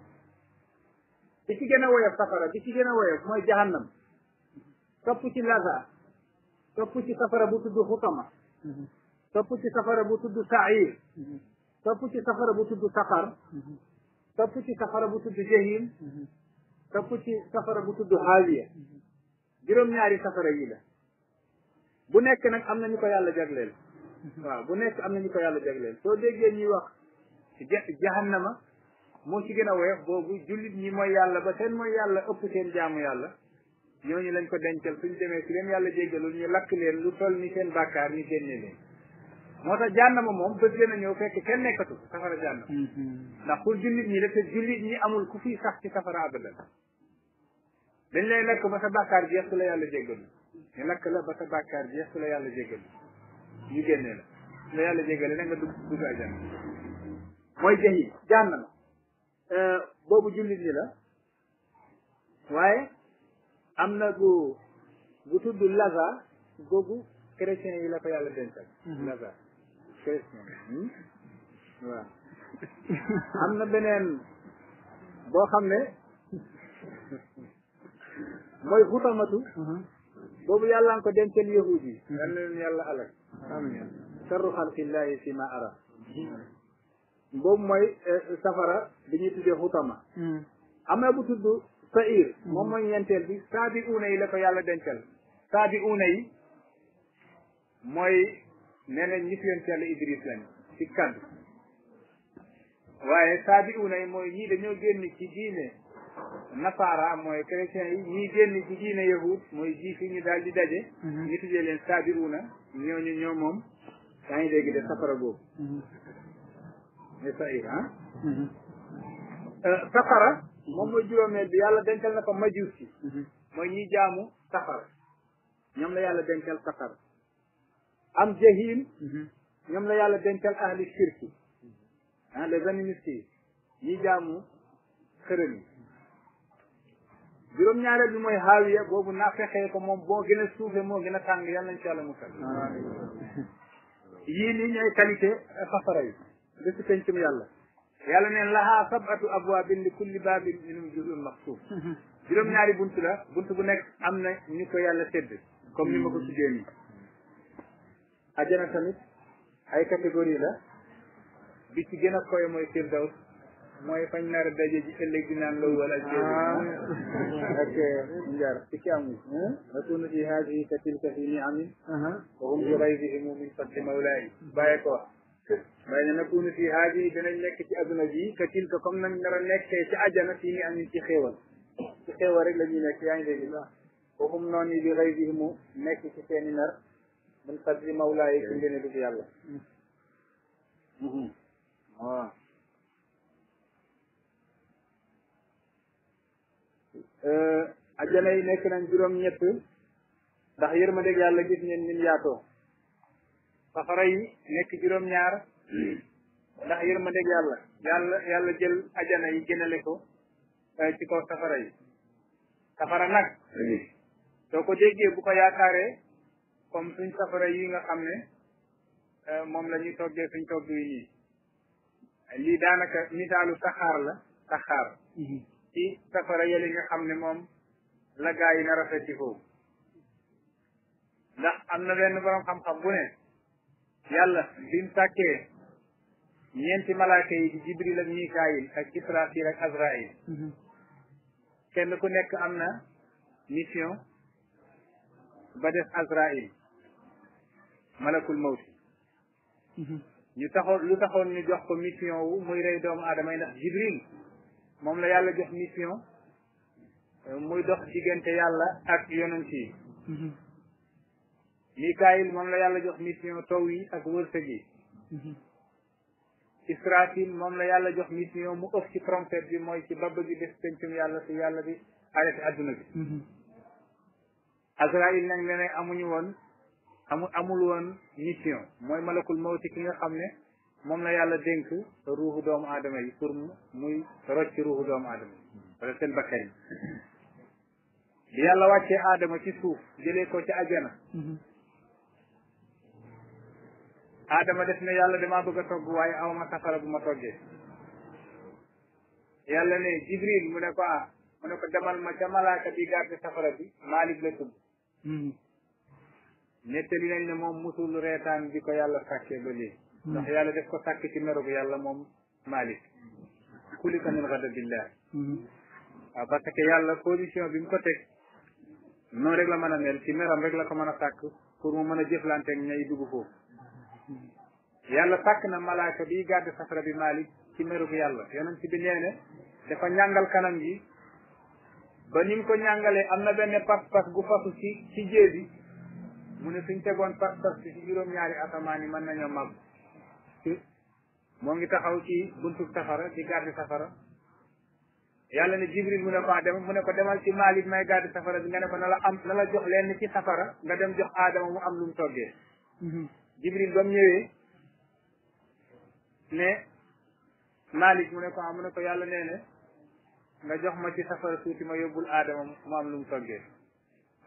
bi ci gën a woyof safara bi ci gën a woyof mooy jahannam topp ci laza topp ci safara bu tudd xutama topp ci safara bu tudd sair topp ci safara bu tudd saqar topp ci safara bu tudd jahim topp ci safara bu tudd haawiya juróom-ñaari safara yi la bu nekk nag am na ñu ko yàlla jagleel waaw bu nekk am na ñu ko yàlla jagleel soo déggee ñuy wax jahannama moo ci gën a woyof boobu jullit ñi mooy yàlla ba seen mooy yàlla ëpp seen jaamu yàlla ñu lañ ko dencal suñ demee si leen yàlla jéggalul ñu lakk leen lu toll ni seen bàkkaar ñu génne leen moo tax jànnama moom bés leen a ñëw fekk kenn nekkatu safara jànnama mm-hmm. ndax pour jullit ñi def te jullit ñi amul ku fiy sax ci safara abadan dañ lay lakk ba sa bàkkaar jeex su la yàlla jéggalul ñu lakk la ba sa bàkkaar jeex su la yàlla jéggalul ñu génne la su la yàlla jéggale na nga dugg Euh, boobu jullit ñi la waaye am na gu gu tudd Lazare googu chrétien yi la ko yàlla dencal. Mhm. Lazare chrétien hmm? waaw am na beneen boo xam ne mooy xutamatu. Mhm. boobu yàlla nga ko dencal yahud yi. yal na leen yàlla alal. amiin sarru xalqillahi fi ma ara. boobu mooy eh, safara bi ñuy tuddee xutama hmm. am na bu tudd sair moom mooy ñeenteel bi saabi uuna yi la ko yàlla dencal saabi uuna yi mooy nee nañ ñi fi yoon yàlla Idris lañ ci kaddu waaye saabi uuna yi mooy ñii dañoo génn ci diine nasaara mooy chrétiens yi ñii génn ci diine yahud mooy jiif yi ñu daal di daje hmm. ñu tuddee leen saabi uuna ñooñu ñoo moom yaa ngi dégg de safara boobu hmm. nisaiha ah. euh, safara moom mooy juróomeel bi yàlla dencal na ko majuus yi mhm. mooy ñiy jaamu safara ñoom la yàlla dencal safara am jahim mhm. ñoom la yàlla dencal ahli shirki ah les animistes jaamu xërëm yi juróom-ñaareel bi mooy haawiya boobu naa fexee ko moom boo gën a suufe moo gën a tàng yàlla nañ ci yàlla musal yii nii ñooy qualité safara yi bés pencum yàlla yàlla neen lahaa sab'atu abwaabin li kulli baabin minhum juz'un mhm. juróom-ñaari bunt la bunt bu nekk am na ñu ko yàlla sédd comme ni ma ko tuddee nii ajana tamit ay catégorie la bi ci gën a koy mooy firdaws mooy fañ nar a daje ji ëllëg di naan law wala jé ak njar ci ci am yakunu hmm? fi haadihi ka tilka fi niamin wa hum bi raybihim min fadli mawlaayi bàyye ko bay na nakunu fi haaji dinañ nekk ci adduna bi ka tilka comme nañ nar a nekkee ci ajana fii nii amin ci xéewal ci xéewal rek la nekk yaa ngi dégg waxum noonu bi xëy bi mu nekk ci seeni nar mun bi mawlaayi ci ngeen dugg yàlla ajana yi nekk nañ juróom ñett ndax yërmandeg yàlla gis ngeen nim yaatoo safara yi nekk juróom-ñaar ndax yërmandeeg yàlla yàlla yàlla jël ajana yi gënale ko eh, ci kaw safara yi safara nag soo ko déggee bu ko yaakaaree comme suñ safara yi nga xam ne eh, moom la ñuy toggee suñ togg yi lii daanaka misaalu saxaar la saxaar mhm. ci safara xam ne moom la gaa yi na rafet ci foofu ndax am na benn borom xam-xam bu ne yàlla bim sàkkee ñeenti malaaka yi di jibril ak mikaayil ak israfil ak azrail mhm. kenn ku nekk am na mission ba def azrail malakul mawti mhm. ñu taxoon lu taxoon ñu jox ko mission wu muy rey doomu aadama yi ndax jibril moom la yàlla jox mission eh, muy dox diggante yàlla ak yonent yi mhm. Mikaayil moom la yàlla jox mission taw yi ak wërsëg yi mhm. Israfil moom la yàlla jox mission mu ëf ci trompette bi mooy ci baba gi def pencum yàlla si yàlla bi arrêté adduna bi Azraïl nag ne ne amuñu woon amu amul woon mission mooy malakul mawti ki nga xam ne moom la yàlla dénk ruuxu doomu aadama yi pour muy rocc ruuxu doomu aadama yi seen bakkan yi bi yàlla wàccee aadama ci suuf jëlee ko ci ajana mhm. aadama def ne yàlla damaa bëgg a togg waaye aw ma safara bu ma toggee yàlla ne jibril mu ne ko ah mu ne ko demal ma ca malaaka bi garde safara bi maalik la tudd hmm. nettali nañ ne moom musul reetaan bi ko yàlla sàkkee ba léegi hmm. ndax yàlla def ko sàkk ci meru bu yàlla moom maalik kulika min ghadabillah waaw hmm. ah, parce que yàlla position bi mu ko teg noonu rek la mën a mel ci meram rek la ko mën a sàkk pour mu mën a jëflante ak ñay foofu yàlla sàkk na malaaka bi gàdd safara bi Malick ci meru bu yàlla yonent bi nee ne dafa ñàngal kanam gi ba ni ko ñàngalee am na benn pas-pas gu fasu ci ci jée bi mu ne suñ tegoon pas-pas bi ci juróom-ñaari asamaan yi mën nañoo màgg moo ngi taxaw ci buntu safara di gàdd safara yàlla ni jibril mu ne ko dem mu ne ko demal ci Malick may gàdd safara bi nga ne ko na la am na la jox lenn ci safara nga dem jox aadama mu am lu mu toggee mm-hmm. jibril ba ne Malik mu ne ko ah mu ko yàlla nee nga jox ma ci safara tuuti ma yóbbul aadama mu am lu mu toggee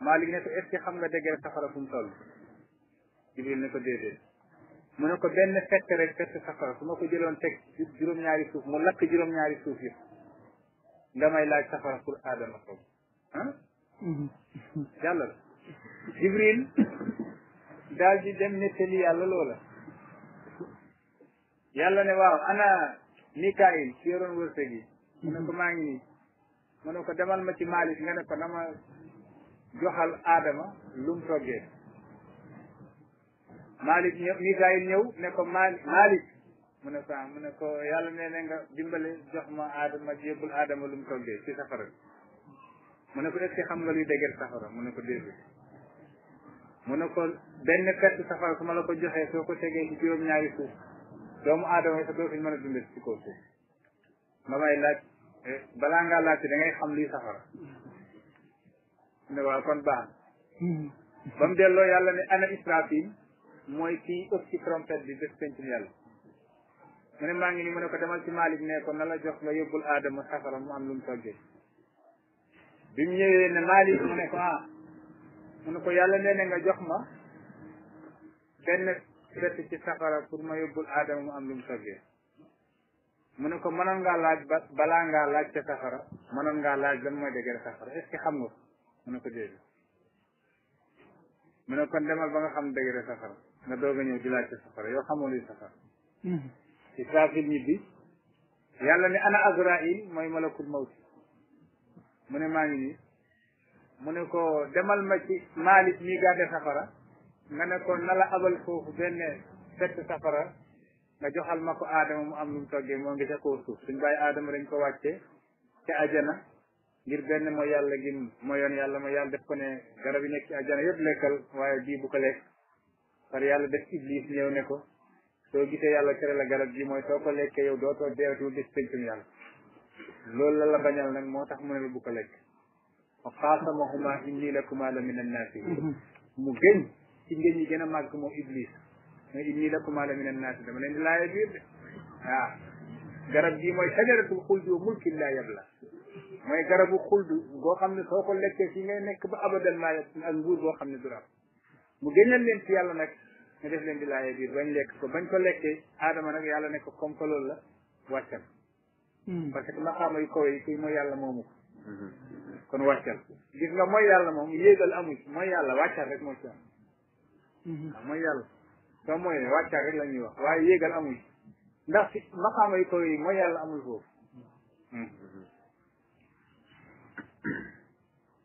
Malik ne ko est xam nga dëgg safara fu mu toll Jibril ne ko déedéet mu ne ko benn fett rek fett safara su ko jëloon teg juróom-ñaari suuf mu lakk juróom-ñaari suuf yëpp nga may laaj safara pour aadama toog ah jàllal Jibril daal di dem nettali yàlla loola yàlla ne waaw ana Mikaayil ci yoroon wërsëg yi mu ne ko maa ngi nii mu ne ko demal ma ci Maalik nga ne ko dama joxal aadama lu mu toggee Maalik ñëw Mikaayil ñëw ne ko Maalik Maalik mu ne ko ah mu ne ko yàlla nee nga dimbale jox ma aadama yépp aadama lu mu toggee ci safara mu ne ko est-ce xam nga luy dëgër safara mu ne ko déedéet mu ne ko benn fett safara su ma la ko joxee soo ko tegee ci juróom-ñaari suuf doomu aadama yi sax dootuñ mën a dundee ci kaw suuf ma may laaj eh, balaa ngaa laajte da ngay xam lii safara ne waaw kon baax hmm. ba mu delloo yàlla ne ana Israfil mooy kii ëpp ci trompette bi bés penc yàlla mu ne maa ngi mu ne ko demal ci Malick ne ko na la jox nga yóbbul aadama safara mu am lu mu toggee bi mu ñëwee ne Malick mu ne ko ah mu ne ko yàlla nee na nga jox ma benn fett ci saqara pour ma yóbbul aadama mu am lu mu toggee mu ne ko mënoon ngaa laaj ba balaa ngaa laaj ca safara mënoon ngaa laaj lan mooy dëgër safara est xam nga ko mu ne ko déedéet mu a ñëw di laaj ca safara yow xamoo luy safara mm-hmm. Israfil ñibbi yàlla ne ana Azrail mooy malakul mu ne maa ngi nii mu ne ko demal ma ci Malik mii gàdde safara nga ne ko na la abal foofu benn fett safara nga joxal ma ko aadama mu am lu mu toggee moom ngi ca kaw suuf suñ bàyyi aadama dañ ko wàcce ca ajana ngir benn mooy yàlla gi mooy yoon yàlla mooy yàlla def ko ne garab yi nekk ci ajana yëpp lekkal waaye bii bu ko par yàlla def iblis ñëw ne ko soo gisee yàlla tere la garab gi mooy soo ko lekkee yow dootoo deewatu gis pencum yàlla loolu la la bañal nag moo tax mu ne la bu ko lekk wa xaasamahuma inni lakuma la min annaasi mu ci ngeen ñi gën a màgg moom iblis mais inni lakum ala min annaasi dama leen di laaya biir de waaw garab gii mooy sajaratul xuldi wa mulkin laa yabla mooy garabu xuld boo xam ne soo ko lekkee fi ngay nekk ba abadal maa yab ak nguur boo xam ne du rab mu gënal leen ci yàlla nag nga def leen di laaye biir bañ lekk ko bañ ko lekkee aadama nag yàlla nekk comme que loolu la wàccal parce que maqaama yu kawe yi kii mooy yàlla moomu kon wàccal gis nga mooy yàlla moom yéegal amuñ mooy yàlla wàccal rek moo ci am Mm-hmm. ndax mooy yàlla soo mooyee wàccaat rek la wax waaye yéegal amul ndax si maqaama yi kaw yi mooy yàlla amul foofu mm-hmm.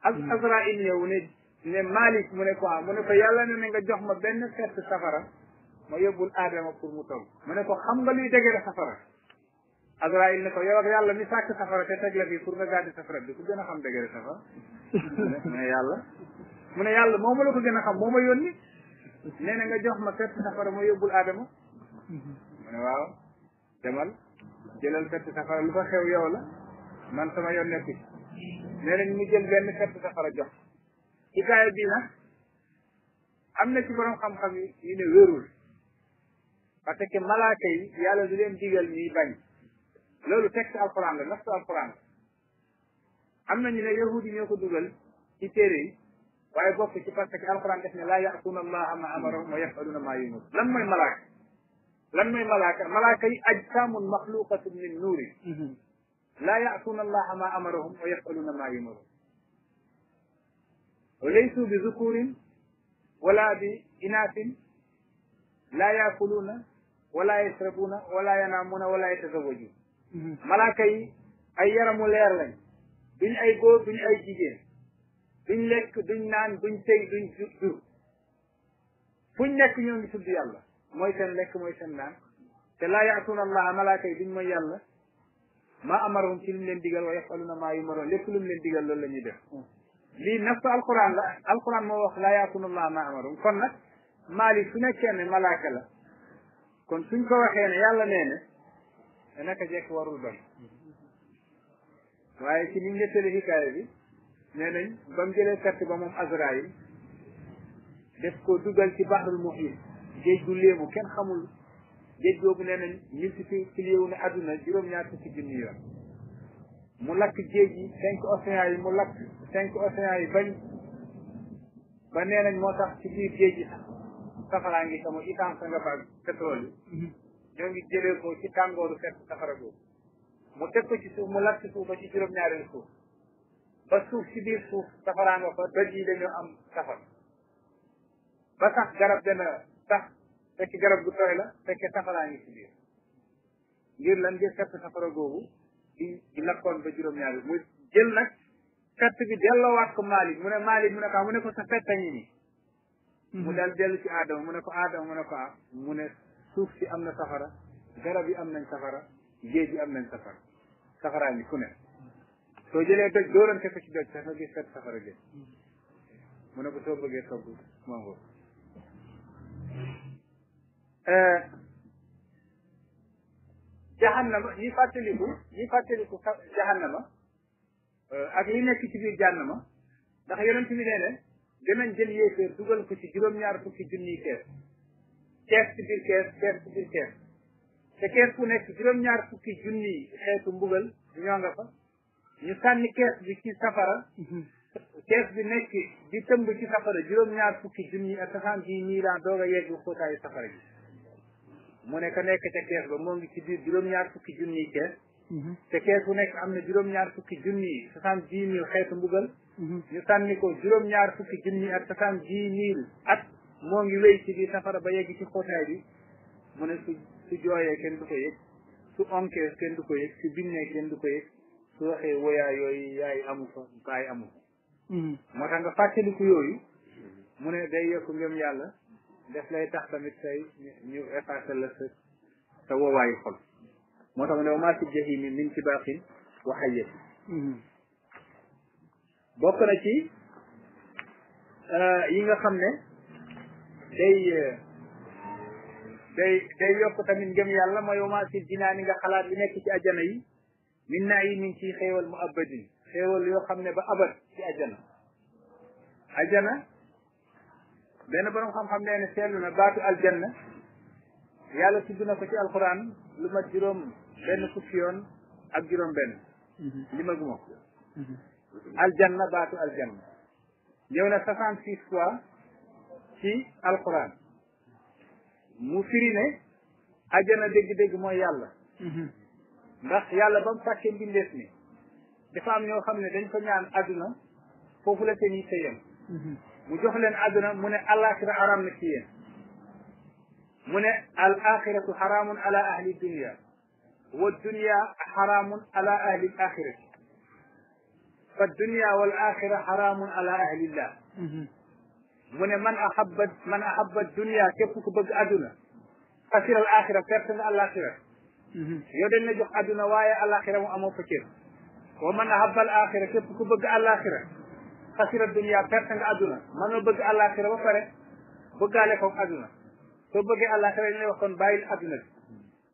ak Azraïl ñëw ne ne Malik mu ne ko ah, mu ne ko yàlla ne ne nga jox ma benn fett safara ma yóbbul aadama pour mu taw mu ne ko xam nga luy dëgër safara Azraïl ne ko yow yàlla mi sàkk safara te teg la fii pour nga gàddi safara bi ku gën a xam dëgër safara mu ne yàlla mu ne yàlla moo ma la ko gën a xam moo ma yónni nee na nga jox ma fett safara ma yóbbul aadama waaw demal jëlal fett safara lu ko xew yow la man sama yoon nekku ci nee nañ mu jël benn fett safara jox xikaaya bi nag am na ci borom xam-xam yi yu ne wérul parce que malaaka yi yàlla du leen digal ñuy bañ loolu texte alquran la nafsu alquran la am nañu ne yahudi ñoo ko dugal ci téere yi waaye bokk ci parce que alquran def ne laa yaatuuna allaha ma amarahum wa yafaluuna maa yumar lan mooy malaaka lan mooy malaaka malaaka yi ajsaamun maxluqatun min nuuri mhm. laa yaatuuna allaha ma amarahum wa yafaluuna maa yumaru laysu bi zukurin wala bi inaatin laa yaakuluuna wala yasrabuuna wala yanaamuuna wala yatazawajun mhm. malaaka yi ay yaramu leer lañ duñ ay góor duñ ay jigéen duñ lekk duñ naan duñ tey duñ jur fuñ nekk ñoo ngi tudd yàlla mooy seen lekk mooy seen naan te laa yaatuuna allaha malaaka yi duñ mooy yàlla maa amarahum ci lumu leen digal wa yafaluuna maa yumaroon lépp lu mu leen digal loolu la ñuy def lii nafsu alquran la alquran moo wax laa yaatuuna allaha maa amarahum kon nag maali su nekkee ne malaaka la kon suñ ko waxee ne yàlla nee ne danaka jekk warul bañ waaye ci niñ nettali hikaaya bi nee nañ ba mu jëlee carte ba moom Azraïl def ko dugal ci bahrul muhit géej gu léemu kenn xamul géej googu nee nañ multiplié wu ne àdduna juróom-ñaar fukki junni yoon mu lakk géej yi cinq océans yi mu lakk cinq océans yi bañ ba nee nañ moo tax ci biir géej yi sax safaraa ngi sama itam sa nga baag pétrole yi mm-hmm. ñoo ngi jëlee ko ci tàngooru fett safara googu mu teg ko ci suuf mu lakk suuf ci juróom-ñaareel suuf ba suuf si biir suuf safaraan fa doj yi dañoo am safar ba sax garab dana sax fekk garab gu tooy la fekke safaraa ngi biir ngir lan ngir fett safara googu di di lakkoon ba juróom-ñaar bi mu jël nag fett bi delloowaat ko Maalik mu ne Maalik mu ne ko mu ne ko sa fetta ngi nii mu hmm. daal dellu ci aadama mu ne ko aadama mu ne ko ah, mu ne suuf si am na safara garab yi am nañ safara géej yi am nañ safara safaraa ngi fu ne soo jëlee doj dóorante ko ci doj sax nga gis set safara jëm mu ne ko soo bëggee togg mango euh, jahannama ñi fàttaliku ñi fàttaliku jahannama euh, ak li nekk ci biir jahannama ndax yonent bi nee ne danañ jël yéeféer dugal ko ci juróom-ñaar fukki junniy kees kees ci biir kees kees ci kees ku nekk juróom-ñaar fukki junniy xeetu mbugal ñoo nga fa ñu sànni kees bi ci safara mhm. kees bi nekk di tëmb ci safara juróom-ñaar fukki junni ak soixante-dix mille ans doog a yegg xóotaayu safara ji mu ne ka nekk ca kees ba moo ngi ci biir juróom-ñaar fukki junniy kees mhm. te kees bu nekk am na juróom-ñaar fukki junniyi soixante-dix mille xeetu mbugal mhm. ñu sànni ko juróom-ñaar fukki junni ak soixante-dix mille at moo ngi wéy ci biir safara ba yegg ci xóotaay bi mu ne su su jooyee kenn du ko yëg su onkee kenn du ko yëg su binnee kenn ko su waxee woyaa yooyu yaay amu fa baay amu fa mm-hmm. moo tax nga fàttaliku yooyu mu ne day yokk ngëm yàlla def lay tax tamit say ñu effacé la sa sa xol moo tax mu ne wa maa fi jahimi min ci baaxin wa hayyati mm-hmm. bokk na ci euh, yi nga xam ne day euh, day day yokk tamit ngëm yàlla mooy wa maa fi nga xalaat lu nekk ci ajana yi min naa yi min ciy xéewal mu abadin xéewal yoo xam ne ba abad ci ajana ajana benn borom xam-xam nee na seetlu na baatu aljanna yàlla tudd na ko ci alquran lu mat juróom benn fukki yoon ak juróom benn mhm. li ma guma ko mhm. aljanna baatu aljanna ñëw na soixante six fois ci alquran mu firi ajana dégg-dégg mooy yàlla mhm. ndax yàlla ba mu sàkkee mbindeef mi dafa am ñoo xam ne dañ ko ñaan àdduna foofu la seen yitte yem mu jox leen àdduna mu ne alaxira haram na ci yéen mu ne al axiratu haramun ala ahli dunia wa dunia haramun ala ahli al axirati fa dunia wal axira haramun ala ahli llah mu ne man ahabba man ahabba dunia képp ku bëgg àdduna xasira al axira perte nga al axira Mhm. yow dañ la jox aduna waaye alaxira mu amoo fa cër wa man ahabal axira képp ku bëgg alaxira xasira dunia perte nga àdduna mënoo bëgg alaxira ba pare bëggaale ko aduna soo bëggee alaxira ñu lay wax kon bàyyil aduna bi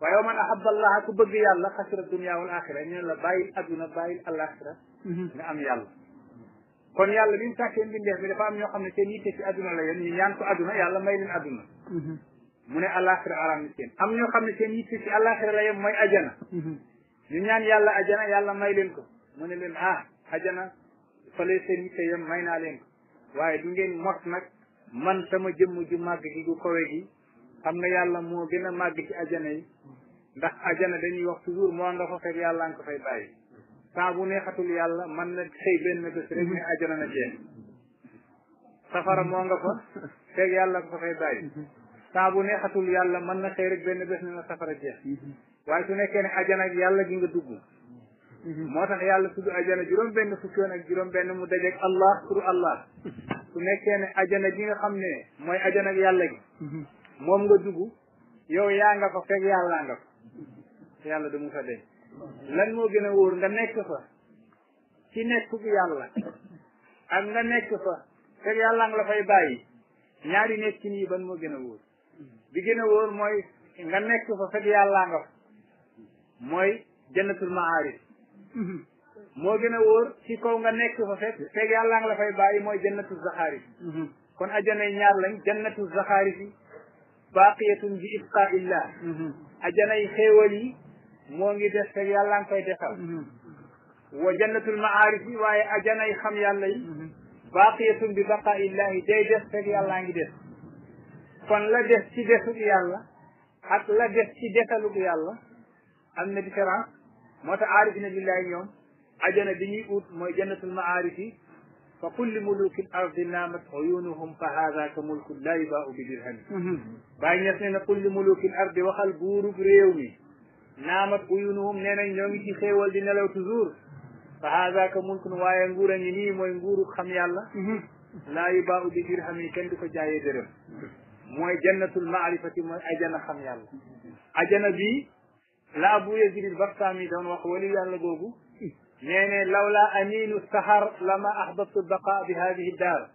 waaye wa man ahaballah ku bëgg yàlla xasira dunia wal axira ñu la bàyyil aduna bàyyil alaxira mhm. nga am yàlla kon yàlla bin mu sàkkee mbindeef bi dafa am ñoo xam ne seen yitte ci aduna la yéen ñu ñaan ko aduna yàlla may leen aduna. Mhm. mu ne àllaaxira araam na seen am ñoo xam ne seen yitte ci àllaaxira la yem mooy ajana ñu ñaan yàlla ajana yàlla may leen ko mu ne leen ah ajana fa leen seen yitte yem may naa leen ko waaye du ngeen mos nag man sama jëmm ju màgg gi gu kowe gi xam nga yàlla moo gën a màgg ci ajana yi ndax ajana dañuy wax toujours moo nga fa fekk yàlla nga ko fay bàyyi saa bu neexatul yàlla man na xëy benn bés rek ne ajana na jeex safara moo nga fa fekk yàlla nga fay bàyyi saa bu neexatul yàlla man na xëy benn bés ne na safara jeex mhm. waaye su nekkee ne ajana ak yàlla gi nga dugg mhm. moo tax yàlla tudd ajana yoon ak juróom mu dajeeg allah turu allah su nekkee ne ajana gi nga xam ne mooy ajana ak yàlla gi mhm. moom nga dugg yow yaa nga fa fekk yàllaa nga fa yàlla du fa deñ lan moo gën a wóor nga nekk fa ci nekk bu yàlla ak nga nekk fa fekk yàllaa nga la fay bàyyi ñaari nekk ci ban moo gën a wóor bi gën a wóor mooy nga nekk fa fekk yàlla nga fa mooy jannatul maarif moo gën a wóor ci kaw nga nekk fa fekk fekk yàllaa nga la fay bàyyi mooy jannatul zaxaarif kon ajana ñaar lañ jannatul zaxaarif yi baaqiyatun bi ibqa illah ajanay xéewal yi moo ngi def fekk yàllaa nga koy defal wa jannatul maarif yi waaye ajanay xam yàlla yi mm-hmm. baaqiyatun bi baqa illahi day def fekk yàllaa ngi def kon la def ci desug yàlla ak la def ci desalug yàlla am na différence moo tax aarifina billahi ñoom ajana bi ñuy ut mooy jannatul maarifi fa kulli muluki l ardi naamat uyunuhum fa haada ka mulku laa yubaau bi dirham bàyyi ñes ne na kulli muluki l ardi waxal buurub réew mi naamat uyunuhum nee nañ ñoo ngi ci xéewal di nelaw toujours fa haada ka mulkun waaye nguur ngi nii mooy nguuru xam yàlla la yubaau bi dirhami kenn du ko jaayee dërëm mooy jannatul maarifati mooy ajana xam yàlla bi la abu yazid al bastaami doon wax wali yàlla googu nee ne lawla aniinu sahar lama ahbabtu baqa bi hadihi daar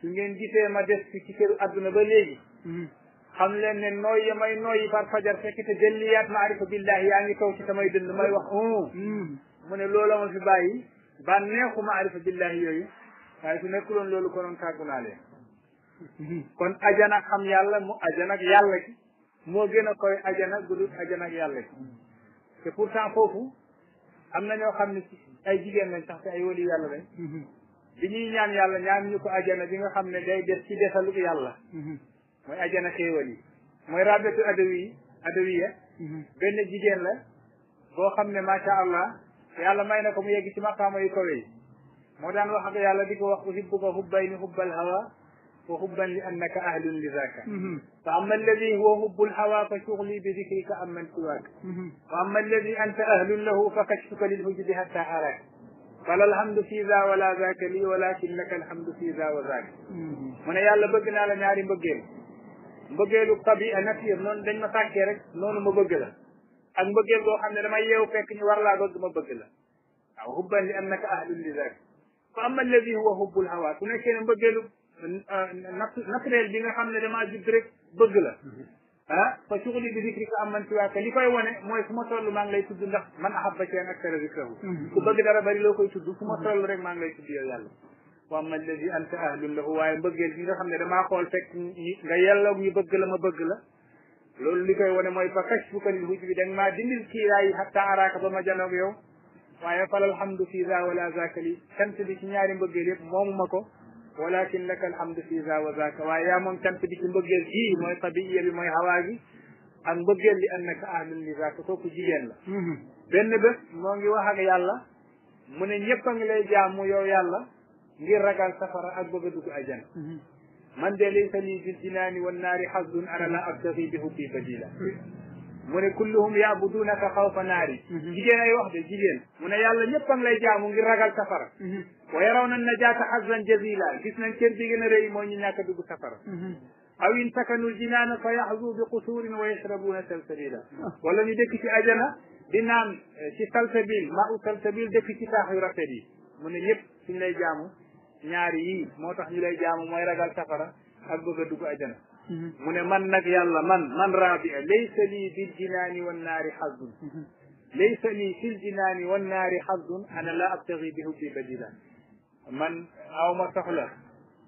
su ngeen gisee ma des ci këru adduna ba léegi xam leen ne nooy ya may nooyi par fajar fekk te delliyaat maarifa billahi yaa ngi samay dënd may wax oh. mu ne loola ma fi bàyyi ba neexu maarifa billahi yooyu waaye su nekkuloon loolu konoon tàggu naa Mhm. kon ajana xam yàlla mu ajana ak yàlla ki moo gën a koy ajana gudul ajana ak yàlla ki te pourtant foofu am na ñoo xam ne si ay jigéen lañ sax te ay wali yàlla lañ bi mhm. ñuy ñaan yàlla ñaan ñu ko ajana bi nga xam ne day des ci desaluk yàlla mhm. mooy ajana xéewal yi mooy rabatu adawi adawiya benn jigéen la boo xam ne macha allah yàlla may na ko mu yegg ci maqaama yu kawe yi moo daan wax ak yàlla di ko wax uhibbuka hubbayni hubbal hawa وحبا لانك اهل لذاك فاما الذي هو حب الهوى فشغلي بذكرك عن من سواك واما الذي انت اهل له فكشفك للوجود حتى اراك قال الحمد في ذا ولا ذاك لي ولكنك الحمد في ذا وذاك من يا الله بغنا لا نياري بغيل بغيلو قبي انتي نون دنج ما تاكي رك نون ما بغلا اك بغيل لو خامني دما ييو فك ني وارلا بغ ما بغلا او لانك اهل لذاك فاما الذي هو حب الهوى كنا كاين Euh, natt naturel bi nga xam ne ma jug rek bëgg la mhm. ah fa suxli bi zikri ka am man si waaka li koy wone mooy fu ma toll maa ngi la tudd ndax man ahabba shay'an akthara zikrahu mhm. ku bëgg dara bari loo koy tudd fu ma mhm. toll rek maa ngi lay tudd yow yàlla wa amma alladi anta ahlun lahu waaye mbëggeel gi nga xam ne damaa xool fekk nga yelloog ñu bëgg la ma bëgg la loolu li koy wone mooy fa kashfuka lil hujubi da nga maa dindil kiiraayi hatta araaka ba ma janoog yow waaye falal hamdu fi za wala zakali sant bi ci ñaari mbëggeel yëpp ko walakin laka alhamdu fi za wa zaka waaye yaa moom cant bi ci mbëggeel gii mooy tabiya bi mooy xawaa gi ak mbëggeel li annaka ahlun li zaka kooku jigéen la mhm. benn bés moo ngi wax ak yàlla mu ne ñëpp a ngi lay jaamu yow yàlla ngir ragal safara ak bëgg a dugg ajana mhm. man de laysa lii bil jinaani wan naari xasdun ana la abtagi bi hubbi badila mhm. mu ne kulluhum yaabudunaka xawfa naari jigéen ay wax de jigéen mu ne yàlla ñëpp a ngi lay jaamu ngir ragal safara ويرون النجاة حزلا جزيلا جسنا كنت جنري موني ناك دوغ سفر او ان سكنوا الجنان فيحظوا بقصور ويشربون سلسبيلا أه. ولا ديك في اجنا دينام في سلسبيل ما او سلسبيل ديك في ساحي رفدي من يب سن لي جامو نياري موتاخ ني لي جامو موي راغال سفر اك بوغ دوغ اجنا من من نك يالا من من رابي ليس لي بالجنان والنار حظ ليس لي في الجنان والنار حظ انا لا ابتغي به في بديلا man aw ma soxla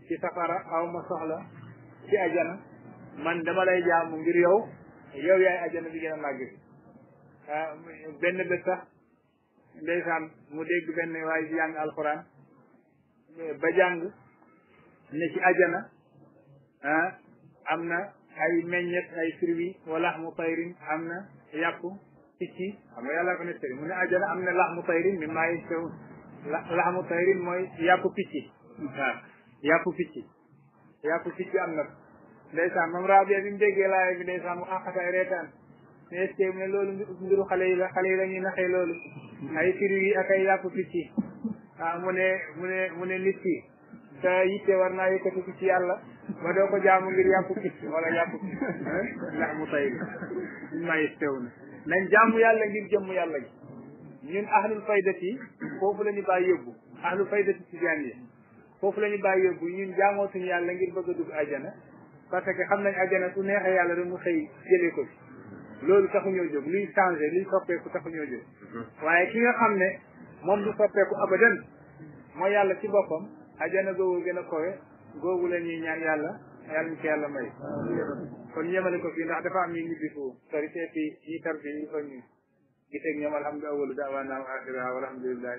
ci safara aw ma soxla ci ajana man dama lay jaamu ngir yow yow yaay ajana bi gën a màgg ah, benn bés sax ndeysaan mu dégg benn waaye di jàng alxuraan ba jàng ne ci ajana ah am na ay meññet ay fruits wa laxmu tayrin am na yàpp picc xam nga yàlla ko ne mu ne ajana am na laxmu tayrin mi maayi sewun la laxamu tayrin mooy yàpp picc waaw yàpp picc yàpp picc am na ndeysaan moom Rabia bi mu déggee laay bi ndeysaan mu enqatay reetaan ne est-ce que ne loolu mbiru xale yi la xale yi la ñuy naxee loolu ay firi yi ak ay yàpp picc ah mu ne mu ne mu ne nit sa yitte war naa yëkkati ko ci yàlla ba doo ko jaamu ngir yàpp picc wala yàpp picc laxamu tayrin maa yittewu na nañ jaamu yàlla ngir jëmm yàlla gi ñun ahlul faydati foofu la ñu bàyyi yóbbu ahlul faydati tijaaniyya foofu la ñu bàyyi yóbbu ñun jaamootuñu yàlla ngir bëgg a dugg ajana parce que xam nañ ajana su neexee yàlla rek mu xëy jëlee ko fi loolu taxuñoo jóg luy changé luy soppeeku taxuñoo jóg waaye ki nga xam ne moom du soppeeku abadan mooy yàlla ci boppam ajana googu gën a kowe googu la ñuy yàlla yàlla ñu ko yàlla may kon yemale ko fii ndax dafa am ñu ñibbi fu sori seeti ñi tar bi ñu gisee ak ñoom alhamdulilah wala daawaanaam axira walhamdulilah